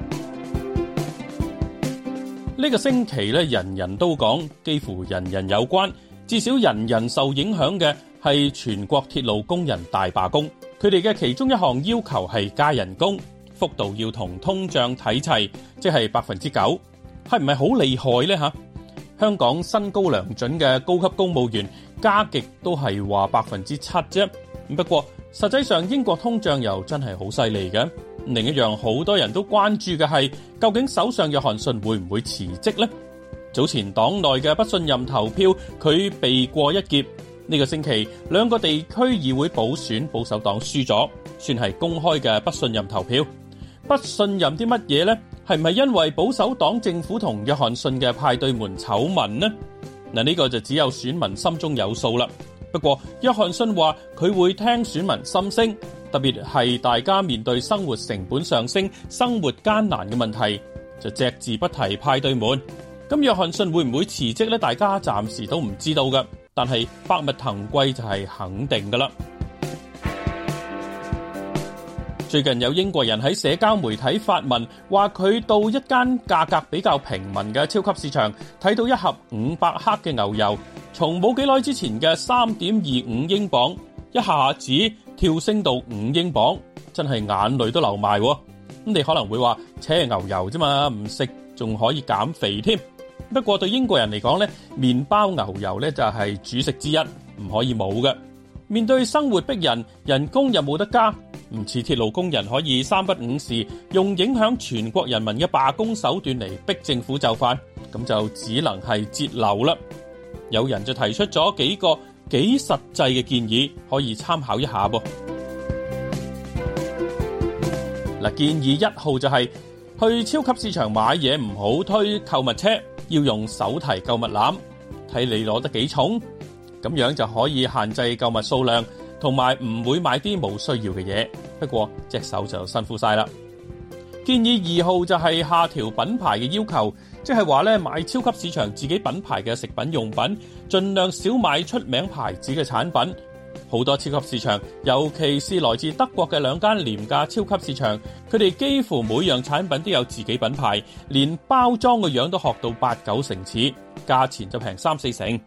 A: 呢個星期咧,人人都講,幾乎人人有關,至少人人受影響嘅係全國鐵路工人大罷工,佢哋嘅其中一項要求係加人工,幅度要同通脹睇齊,即係百分之九,係唔係好厲害呢?香港薪高糧準嘅高級公務員,加極都係話百分之七,不過,實際上英國通脹又真係好犀利嘅。另一樣好多人都關注嘅係，究竟首相約翰遜會唔會辭職呢？早前黨內嘅不信任投票佢避過一劫。呢個星期兩個地區議會補選保守黨輸咗，算係公開嘅不信任投票。不信任啲乜嘢呢？係唔係因為保守黨政府同約翰遜嘅派對門醜聞呢？嗱，呢個就只有選民心中有數啦。不過，約翰遜話佢會聽選民心聲，特別係大家面對生活成本上升、生活艱難嘅問題，就隻字不提派對門。咁約翰遜會唔會辭職呢？大家暫時都唔知道㗎，但係百物騰貴就係肯定噶啦。最近有英國人喺社交媒體發文，話佢到一間價格比較平民嘅超級市場，睇到一盒五百克嘅牛油，從冇幾耐之前嘅三點二五英鎊，一下子跳升到五英鎊，真係眼淚都流埋。咁你可能會話，扯牛油啫嘛，唔食仲可以減肥添。不過對英國人嚟講呢，麵包牛油呢就係主食之一，唔可以冇嘅。面對生活逼人，人工又冇得加，唔似鐵路工人可以三不五時用影響全國人民的罷工手段來逼政府就範，噉就只能係節流啦。有人就提出咗幾個幾實際嘅建議，可以參考一下噃。建議一號就係，去超級市場買嘢唔好推購物車，要用手提購物籃，睇你攞得幾重，咁樣就可以限制購物數量，同埋唔會買啲冇需要嘅嘢。不過隻手就辛苦晒喇。建議二號就係下調品牌嘅要求，即係話咧買超級市場自己品牌嘅食品用品，盡量少買出名牌子嘅產品。好多超級市場，尤其是來自德國嘅兩間廉價超級市場，佢哋幾乎每樣產品都有自己品牌，連包裝嘅樣都學到八九成似，價錢就平三四成。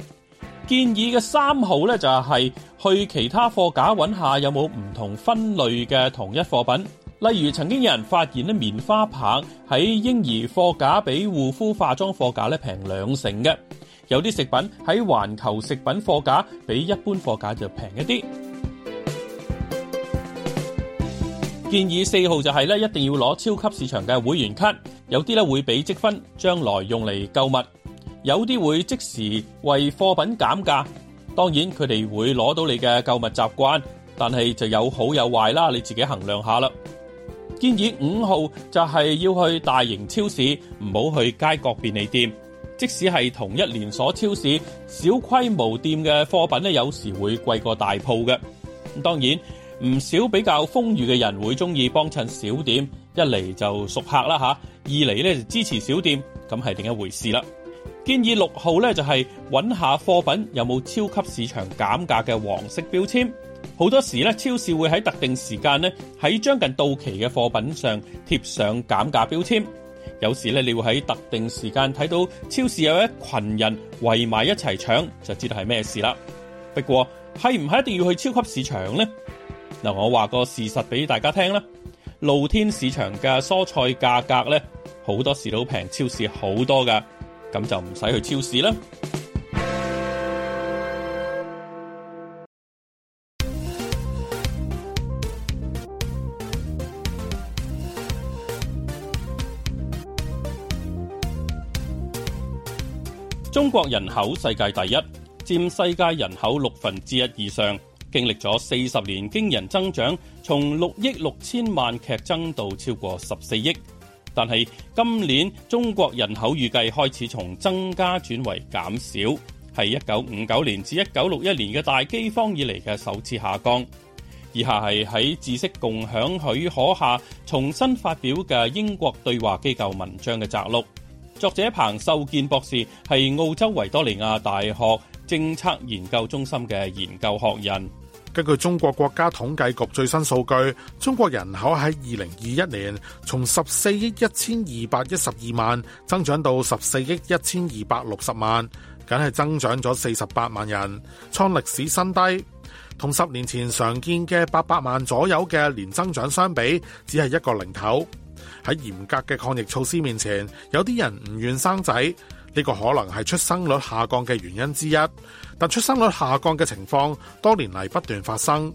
A: 建議嘅三號呢，就係去其他貨架揾下有冇唔同分類嘅同一貨品，例如曾經有人發現呢，棉花棒喺嬰兒貨架比護膚化妝貨架咧平兩成嘅，有啲食品喺環球食品貨架比一般貨架就平一啲。建議四號就係呢，一定要攞超級市場嘅會員卡，有啲呢，會俾積分，將來用嚟購物。有啲會即時為貨品減價，當然佢哋會攞到你嘅購物習慣，但係就有好有壞啦。你自己衡量下啦。建議五號就係要去大型超市，唔好去街角便利店。即使係同一連鎖超市，小規模店嘅貨品呢，有時會貴過大鋪嘅。咁當然唔少比較豐裕嘅人會中意幫襯小店，一嚟就熟客啦吓，二嚟呢就支持小店，咁係另一回事啦。建議六號咧就係揾下貨品有冇超級市場減價嘅黃色標籤，好多時咧超市會喺特定時間呢，喺將近到期嘅貨品上貼上減價標籤，有時咧你會喺特定時間睇到超市有一群人圍埋一齊搶，就知道係咩事啦。不過係唔係一定要去超級市場呢？嗱，我話個事實俾大家聽啦，露天市場嘅蔬菜價格呢，好多時都平超市好多噶。咁就唔使去超市啦。中國人口世界第一，佔世界人口六分之一以上，經歷咗四十年驚人增長，從六億六千萬劇增到超過十四億。但係今年中國人口預計開始從增加轉為減少，係一九五九年至一九六一年嘅大饑荒以嚟嘅首次下降。以下係喺知識共享許可下重新發表嘅英國對話機構文章嘅摘錄。作者彭秀健博士係澳洲維多利亞大學政策研究中心嘅研究學
D: 人。根據中國國家統計局最新數據，中國人口喺二零二一年從十四億一千二百一十二萬增長到十四億一千二百六十萬，淨係增長咗四十八萬人，創歷史新低。同十年前常見嘅八百萬左右嘅年增長相比，只係一個零頭。喺嚴格嘅抗疫措施面前，有啲人唔願生仔，呢個可能係出生率下降嘅原因之一。但出生率下降嘅情況多年嚟不斷發生。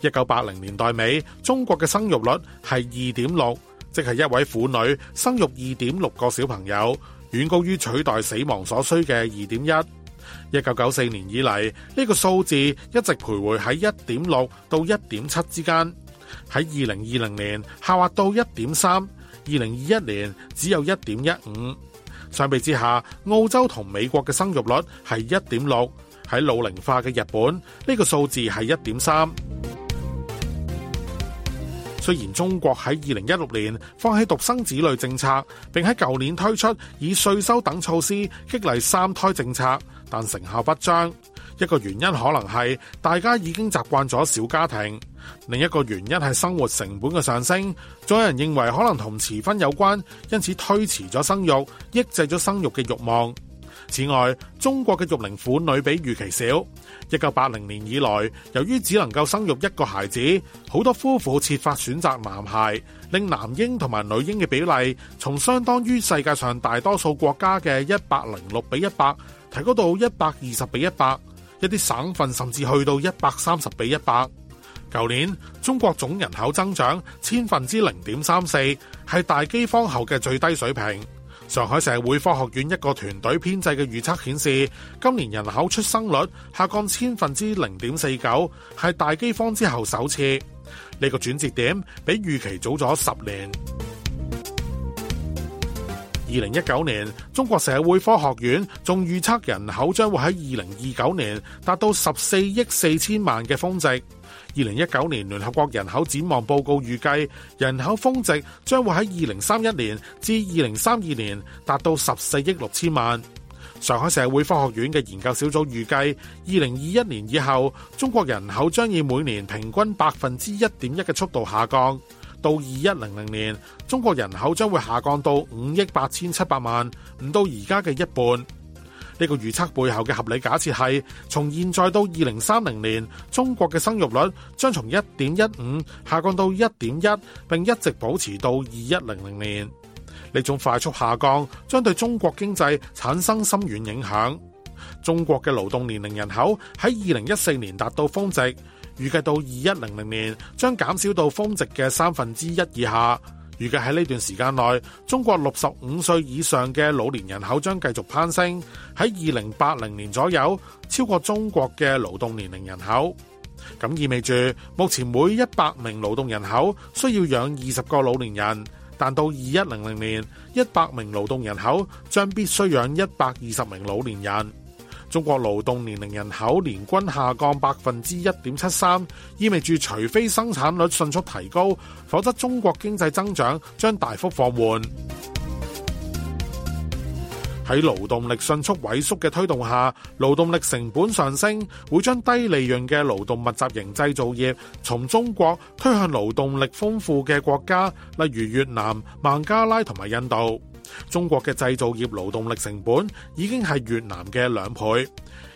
D: 一九八零年代尾，中國嘅生育率係二點六，即係一位婦女生育二點六個小朋友，遠高於取代死亡所需嘅二點一。一九九四年以嚟，呢個數字一直徘徊喺一點六到一點七之間。喺二零二零年下滑到一點三，二零二一年只有一點一五。相比之下，澳洲同美國嘅生育率係一點六，喺老齡化嘅日本呢個數字係一點三。雖然中國喺二零一六年放棄獨生子女政策，並喺舊年推出以稅收等措施激勵三胎政策，但成效不彰。一個原因可能係大家已經習慣咗小家庭，另一個原因係生活成本嘅上升。仲有人認為可能同遲婚有關，因此推遲咗生育，抑制咗生育嘅欲望。此外，中國嘅育齡婦女比預期少。一九八零年以來，由於只能夠生育一個孩子，好多夫婦設法選擇男孩，令男嬰同埋女嬰嘅比例從相當於世界上大多數國家嘅一百零六比一百提高到一百二十比一百。一啲省份甚至去到一百三十比一百。舊年中國總人口增長千分之零點三四，係大饑荒後嘅最低水平。上海社會科學院一個團隊編制嘅預測顯示，今年人口出生率下降千分之零點四九，係大饑荒之後首次。呢個轉折點比預期早咗十年。二零一九年，中國社會科學院仲預測人口將會喺二零二九年達到十四億四千萬嘅峰值。二零一九年聯合國人口展望報告預計，人口峰值將會喺二零三一年至二零三二年達到十四億六千萬。上海社會科學院嘅研究小組預計，二零二一年以後，中國人口將以每年平均百分之一點一嘅速度下降。到二一零零年，中國人口將會下降到五億八千七百萬，唔到而家嘅一半。呢個預測背後嘅合理假設係，從現在到二零三零年，中國嘅生育率將從一點一五下降到一點一，並一直保持到二一零零年。呢種快速下降將對中國經濟產生深遠影響。中國嘅勞動年齡人口喺二零一四年達到峰值。預計到二一零零年將減少到峰值嘅三分之一以下。預計喺呢段時間內，中國六十五歲以上嘅老年人口將繼續攀升，喺二零八零年左右超過中國嘅勞動年齡人口。咁意味住，目前每一百名勞動人口需要養二十個老年人，但到二一零零年，一百名勞動人口將必須養一百二十名老年人。中國勞動年齡人口年均下降百分之一點七三，意味住除非生產率迅速提高，否則中國經濟增長將大幅放緩。喺勞動力迅速萎縮嘅推動下，勞動力成本上升，會將低利潤嘅勞動密集型製造業從中國推向勞動力豐富嘅國家，例如越南、孟加拉同埋印度。中國嘅製造業勞動力成本已經係越南嘅兩倍，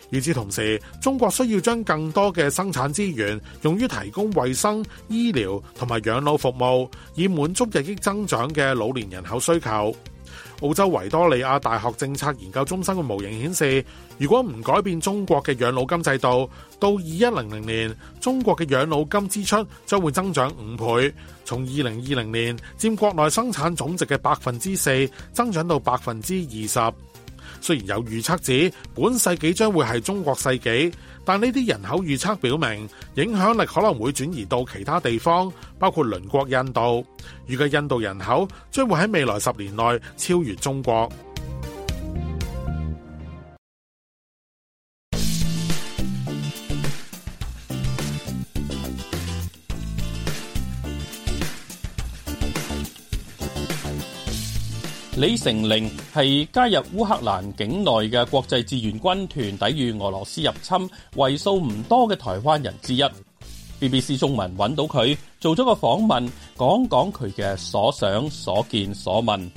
D: 與此同時，中國需要將更多嘅生產資源用於提供衛生、醫療同埋養老服務，以滿足日益增長嘅老年人口需求。澳洲維多利亞大學政策研究中心嘅模型顯示，如果唔改變中國嘅養老金制度，到二一零零年，中國嘅養老金支出將會增長五倍，從二零二零年佔國內生產總值嘅百分之四，增長到百分之二十。雖然有預測指本世紀將會係中國世紀，但呢啲人口預測表明，影響力可能會轉移到其他地方，包括鄰國印度。預計印度人口將會喺未來十年內超越中國。
A: 李成玲係加入烏克蘭境內嘅國際志願軍團抵御俄羅斯入侵，為數唔多嘅台灣人之一。BBC 中文揾到佢，做咗個訪問，講講佢嘅所想、所見、所聞。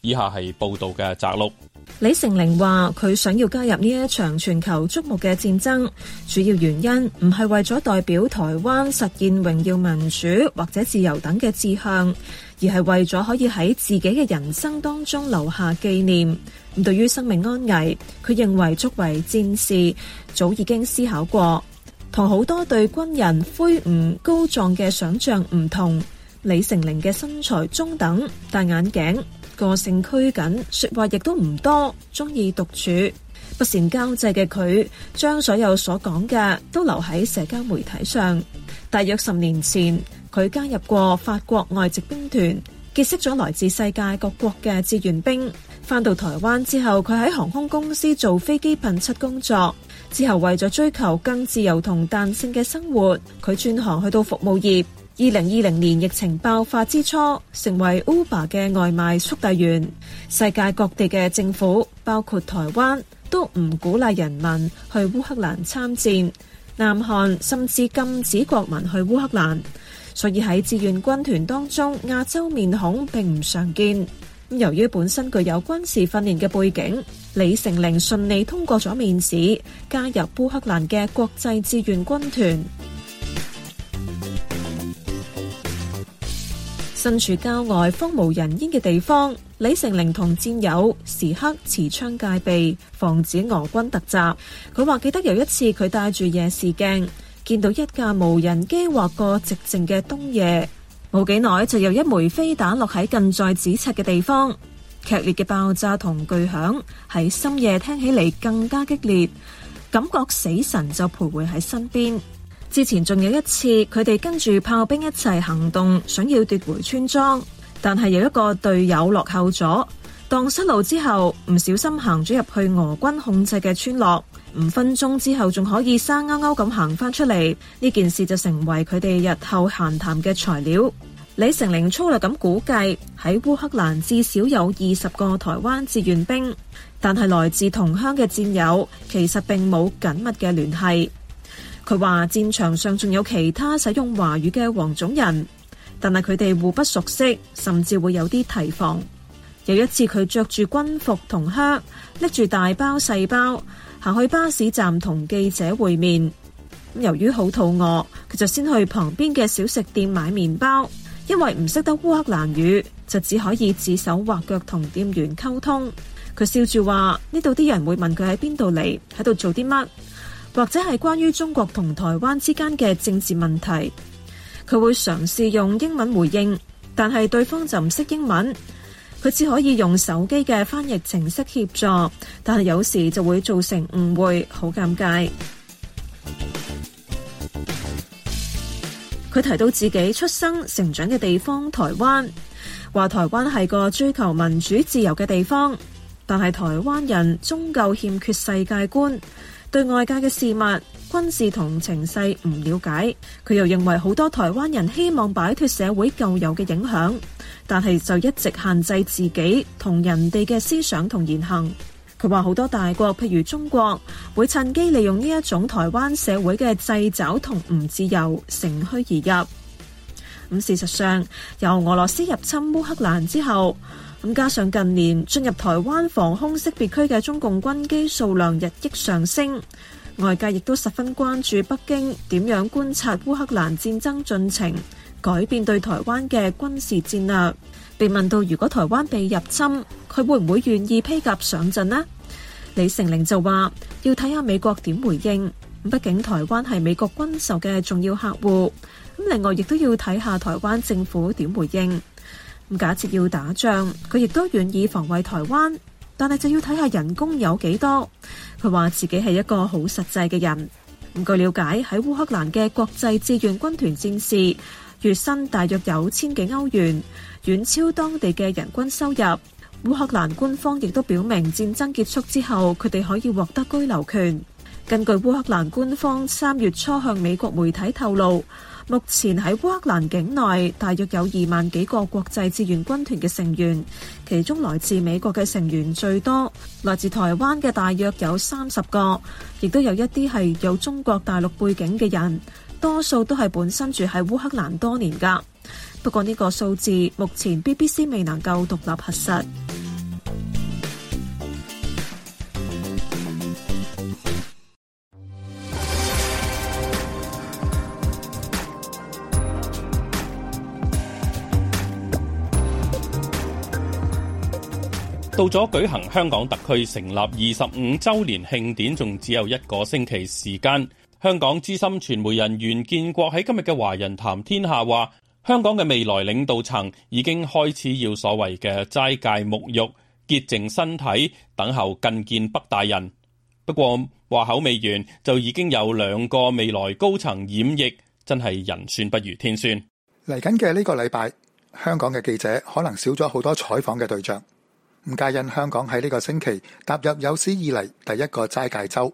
A: 以下係報道嘅摘錄。
C: 李成玲話：佢想要加入呢一場全球矚目嘅戰爭，主要原因唔係為咗代表台灣實現榮耀民主或者自由等嘅志向，而係為咗可以喺自己嘅人生當中留下紀念。對於生命安危，佢認為作為戰士早已經思考過，同好多對軍人魁梧高壯嘅想象唔同。李成玲嘅身材中等，戴眼鏡。個性拘謹，說話亦都唔多，中意獨處，不善交際嘅佢，將所有所講嘅都留喺社交媒體上。大約十年前，佢加入過法國外籍兵團，結識咗來自世界各國嘅志願兵。返到台灣之後，佢喺航空公司做飛機噴漆工作，之後為咗追求更自由同彈性嘅生活，佢轉行去到服務業。二零二零年疫情爆發之初，成為 Uber 嘅外賣速遞員。世界各地嘅政府，包括台灣，都唔鼓勵人民去烏克蘭參戰。南韓甚至禁止國民去烏克蘭。所以喺志願軍團當中，亞洲面孔並唔常見。由於本身具有軍事訓練嘅背景，李成玲順利通過咗面試，加入烏克蘭嘅國際志願軍團。身處郊外荒無人煙嘅地方，李成玲同戰友時刻持槍戒備，防止俄軍突襲。佢話記得有一次佢戴住夜視鏡，見到一架無人機劃過寂靜嘅冬夜，冇幾耐就有一枚飛彈落喺近在咫尺嘅地方，劇烈嘅爆炸同巨響喺深夜聽起嚟更加激烈，感覺死神就徘徊喺身邊。之前仲有一次，佢哋跟住炮兵一齊行動，想要奪回村莊，但係有一個隊友落後咗，蕩失路之後唔小心行咗入去俄軍控制嘅村落，五分鐘之後仲可以生勾勾咁行翻出嚟，呢件事就成為佢哋日後閒談嘅材料。李成玲粗略咁估計，喺烏克蘭至少有二十個台灣志願兵，但係來自同鄉嘅戰友，其實並冇緊密嘅聯繫。佢話戰場上仲有其他使用華語嘅黃種人，但係佢哋互不熟悉，甚至會有啲提防。有一次佢着住軍服同靴，拎住大包細包行去巴士站同記者會面。由於好肚餓，佢就先去旁邊嘅小食店買麵包，因為唔識得烏克蘭語，就只可以指手畫腳同店員溝通。佢笑住話：呢度啲人會問佢喺邊度嚟，喺度做啲乜。或者係關於中國同台灣之間嘅政治問題，佢會嘗試用英文回應，但係對方就唔識英文，佢只可以用手機嘅翻譯程式協助，但係有時就會造成誤會，好尷尬。佢 提到自己出生成長嘅地方台灣，話台灣係個追求民主自由嘅地方，但係台灣人終究欠缺世界觀。對外界嘅事物、軍事同情勢唔了解，佢又認為好多台灣人希望擺脫社會舊有嘅影響，但係就一直限制自己同人哋嘅思想同言行。佢話好多大國，譬如中國，會趁機利用呢一種台灣社會嘅掣肘同唔自由，乘虛而入。咁事實上，由俄羅斯入侵烏克蘭之後，加上近年進入台灣防空識別區嘅中共軍機數量日益上升，外界亦都十分關注北京點樣觀察烏克蘭戰爭進程，改變對台灣嘅軍事戰略。被問到如果台灣被入侵，佢會唔會願意披甲上陣呢？李成玲就話要睇下美國點回應，畢竟台灣係美國軍售嘅重要客戶。另外亦都要睇下台灣政府點回應。咁假設要打仗，佢亦都願意防衛台灣，但係就要睇下人工有幾多。佢話自己係一個好實際嘅人。咁、嗯、據了解，喺烏克蘭嘅國際志願軍團戰士月薪大約有千幾歐元，遠超當地嘅人均收入。烏克蘭官方亦都表明，戰爭結束之後，佢哋可以獲得居留權。根據烏克蘭官方三月初向美國媒體透露，目前喺烏克蘭境內，大約有二萬幾個國際志願軍團嘅成員，其中來自美國嘅成員最多，來自台灣嘅大約有三十個，亦都有一啲係有中國大陸背景嘅人，多數都係本身住喺烏克蘭多年噶。不過呢個數字，目前 BBC 未能夠獨立核實。
A: 到咗舉行香港特區成立二十五周年慶典，仲只有一個星期時間。香港資深傳媒人袁建國喺今日嘅《華人談天下》話：香港嘅未來領導層已經開始要所謂嘅齋戒沐浴、潔淨身體，等候近見北大人。不過話口未完就已經有兩個未來高層染疫，真係人算不如天算。
F: 嚟緊嘅呢個禮拜，香港嘅記者可能少咗好多採訪嘅對象。唔介因香港喺呢個星期踏入有史以嚟第一個齋戒周，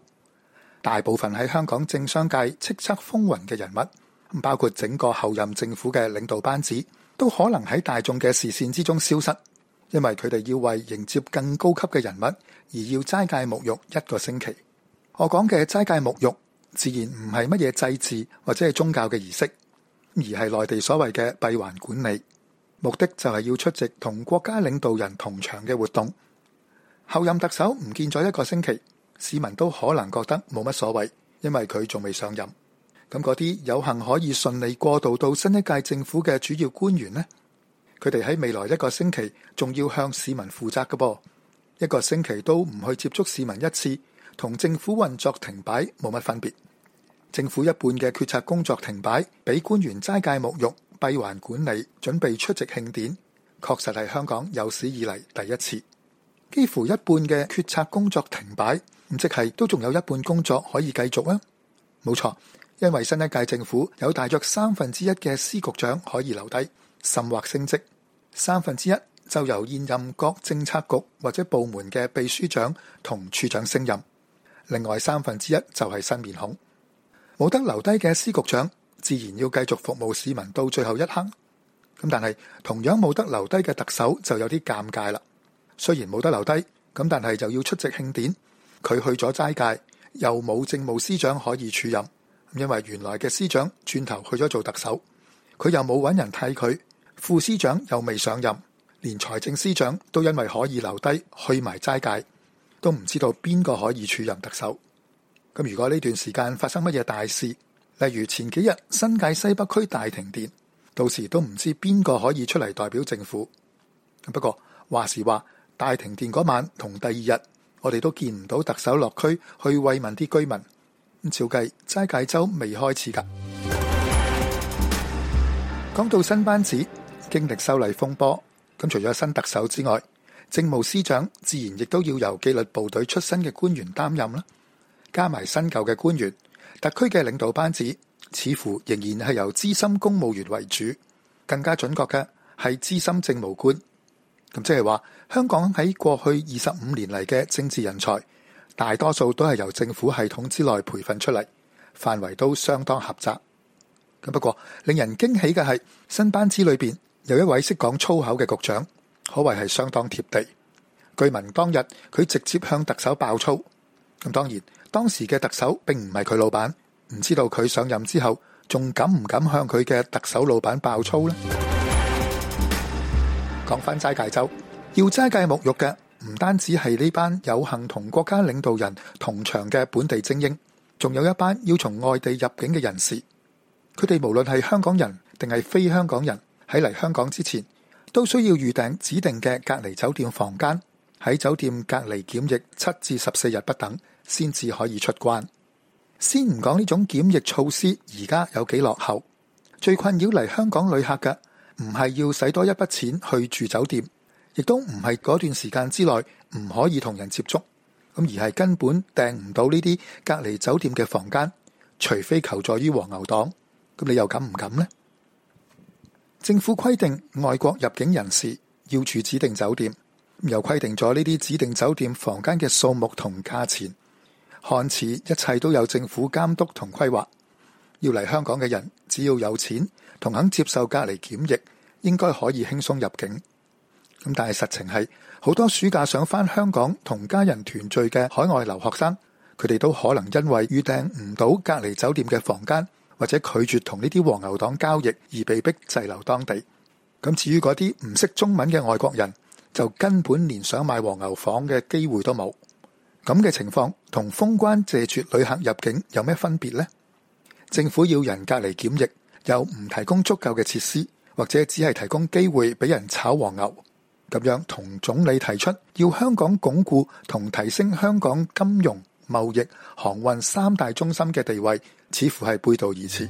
F: 大部分喺香港政商界叱咤風雲嘅人物，包括整個候任政府嘅領導班子，都可能喺大眾嘅視線之中消失，因為佢哋要為迎接更高級嘅人物而要齋戒沐浴一個星期。我講嘅齋戒沐浴，自然唔係乜嘢祭祀或者係宗教嘅儀式，而係內地所謂嘅閉環管理。目的就係要出席同國家領導人同場嘅活動。候任特首唔見咗一個星期，市民都可能覺得冇乜所謂，因為佢仲未上任。咁嗰啲有幸可以順利過渡到新一屆政府嘅主要官員呢？佢哋喺未來一個星期仲要向市民負責㗎噃，一個星期都唔去接觸市民一次，同政府運作停擺冇乜分別。政府一半嘅決策工作停擺，俾官員齋戒沐浴。閉環管理，準備出席慶典，確實係香港有史以嚟第一次。幾乎一半嘅決策工作停擺，唔即係都仲有一半工作可以繼續啊？冇錯，因為新一屆政府有大約三分之一嘅司局長可以留低，甚或升職。三分之一就由現任各政策局或者部門嘅秘書長同處長升任。另外三分之一就係新面孔，冇得留低嘅司局長。自然要繼續服務市民到最後一刻，咁但係同樣冇得留低嘅特首就有啲尷尬啦。雖然冇得留低，咁但係就要出席慶典，佢去咗齋戒，又冇政務司長可以署任，因為原來嘅司長轉頭去咗做特首，佢又冇揾人替佢，副司長又未上任，連財政司長都因為可以留低去埋齋戒，都唔知道邊個可以署任特首。咁如果呢段時間發生乜嘢大事？例如前幾日新界西北區大停電，到時都唔知邊個可以出嚟代表政府。不過話時話，大停電嗰晚同第二日，我哋都見唔到特首落區去慰問啲居民。咁照計齋戒周未開始噶。講 到新班子經歷修例風波，咁除咗新特首之外，政務司長自然亦都要由紀律部隊出身嘅官員擔任啦，加埋新舊嘅官員。特區嘅領導班子似乎仍然係由資深公務員為主，更加準確嘅係資深政務官。咁即係話，香港喺過去二十五年嚟嘅政治人才，大多數都係由政府系統之內培訓出嚟，範圍都相當狹窄。咁不過令人驚喜嘅係，新班子裏邊有一位識講粗口嘅局長，可謂係相當貼地。據聞當日佢直接向特首爆粗，咁當然。當時嘅特首並唔係佢老闆，唔知道佢上任之後仲敢唔敢向佢嘅特首老闆爆粗呢？講翻齋戒周，要齋戒沐浴嘅唔單止係呢班有幸同國家領導人同場嘅本地精英，仲有一班要從外地入境嘅人士。佢哋無論係香港人定係非香港人，喺嚟香港之前都需要預訂指定嘅隔離酒店房間，喺酒店隔離檢疫七至十四日不等。先至可以出關，先唔講呢種檢疫措施而家有幾落後。最困擾嚟香港旅客嘅唔係要使多一筆錢去住酒店，亦都唔係嗰段時間之內唔可以同人接觸，咁而係根本訂唔到呢啲隔離酒店嘅房間，除非求助於黃牛黨。咁你又敢唔敢呢？政府規定外國入境人士要住指定酒店，又規定咗呢啲指定酒店房間嘅數目同價錢。看似一切都有政府監督同規劃，要嚟香港嘅人只要有錢同肯接受隔離檢疫，應該可以輕鬆入境。咁但係實情係好多暑假想翻香港同家人團聚嘅海外留學生，佢哋都可能因為預訂唔到隔離酒店嘅房間，或者拒絕同呢啲黃牛黨交易而被逼滯留當地。咁至於嗰啲唔識中文嘅外國人，就根本連想買黃牛房嘅機會都冇。咁嘅情況同封關謝絕旅客入境有咩分別呢？政府要人隔離檢疫，又唔提供足夠嘅設施，或者只係提供機會俾人炒黃牛，咁樣同總理提出要香港鞏固同提升香港金融、貿易、航運三大中心嘅地位，似乎係背道而馳。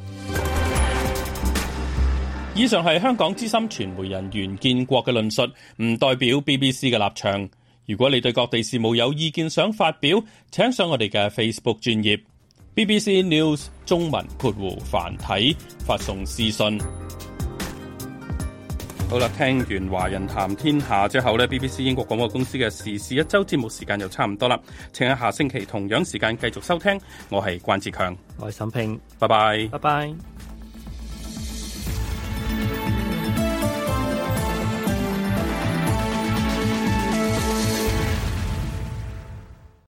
F: 以上係香港資深傳媒人袁建
A: 國嘅論述，唔代表 BBC 嘅立場。如果你對各地事務有意見想發表，請上我哋嘅 Facebook 專頁 BBC News 中文括弧繁體發送私信。好啦，聽完華人談天下之後呢，BBC 英國廣播公司嘅時事一周節目時間就差唔多啦，請喺下星期同樣時間繼續收聽。我係關志強，我係沈平，拜拜，拜拜。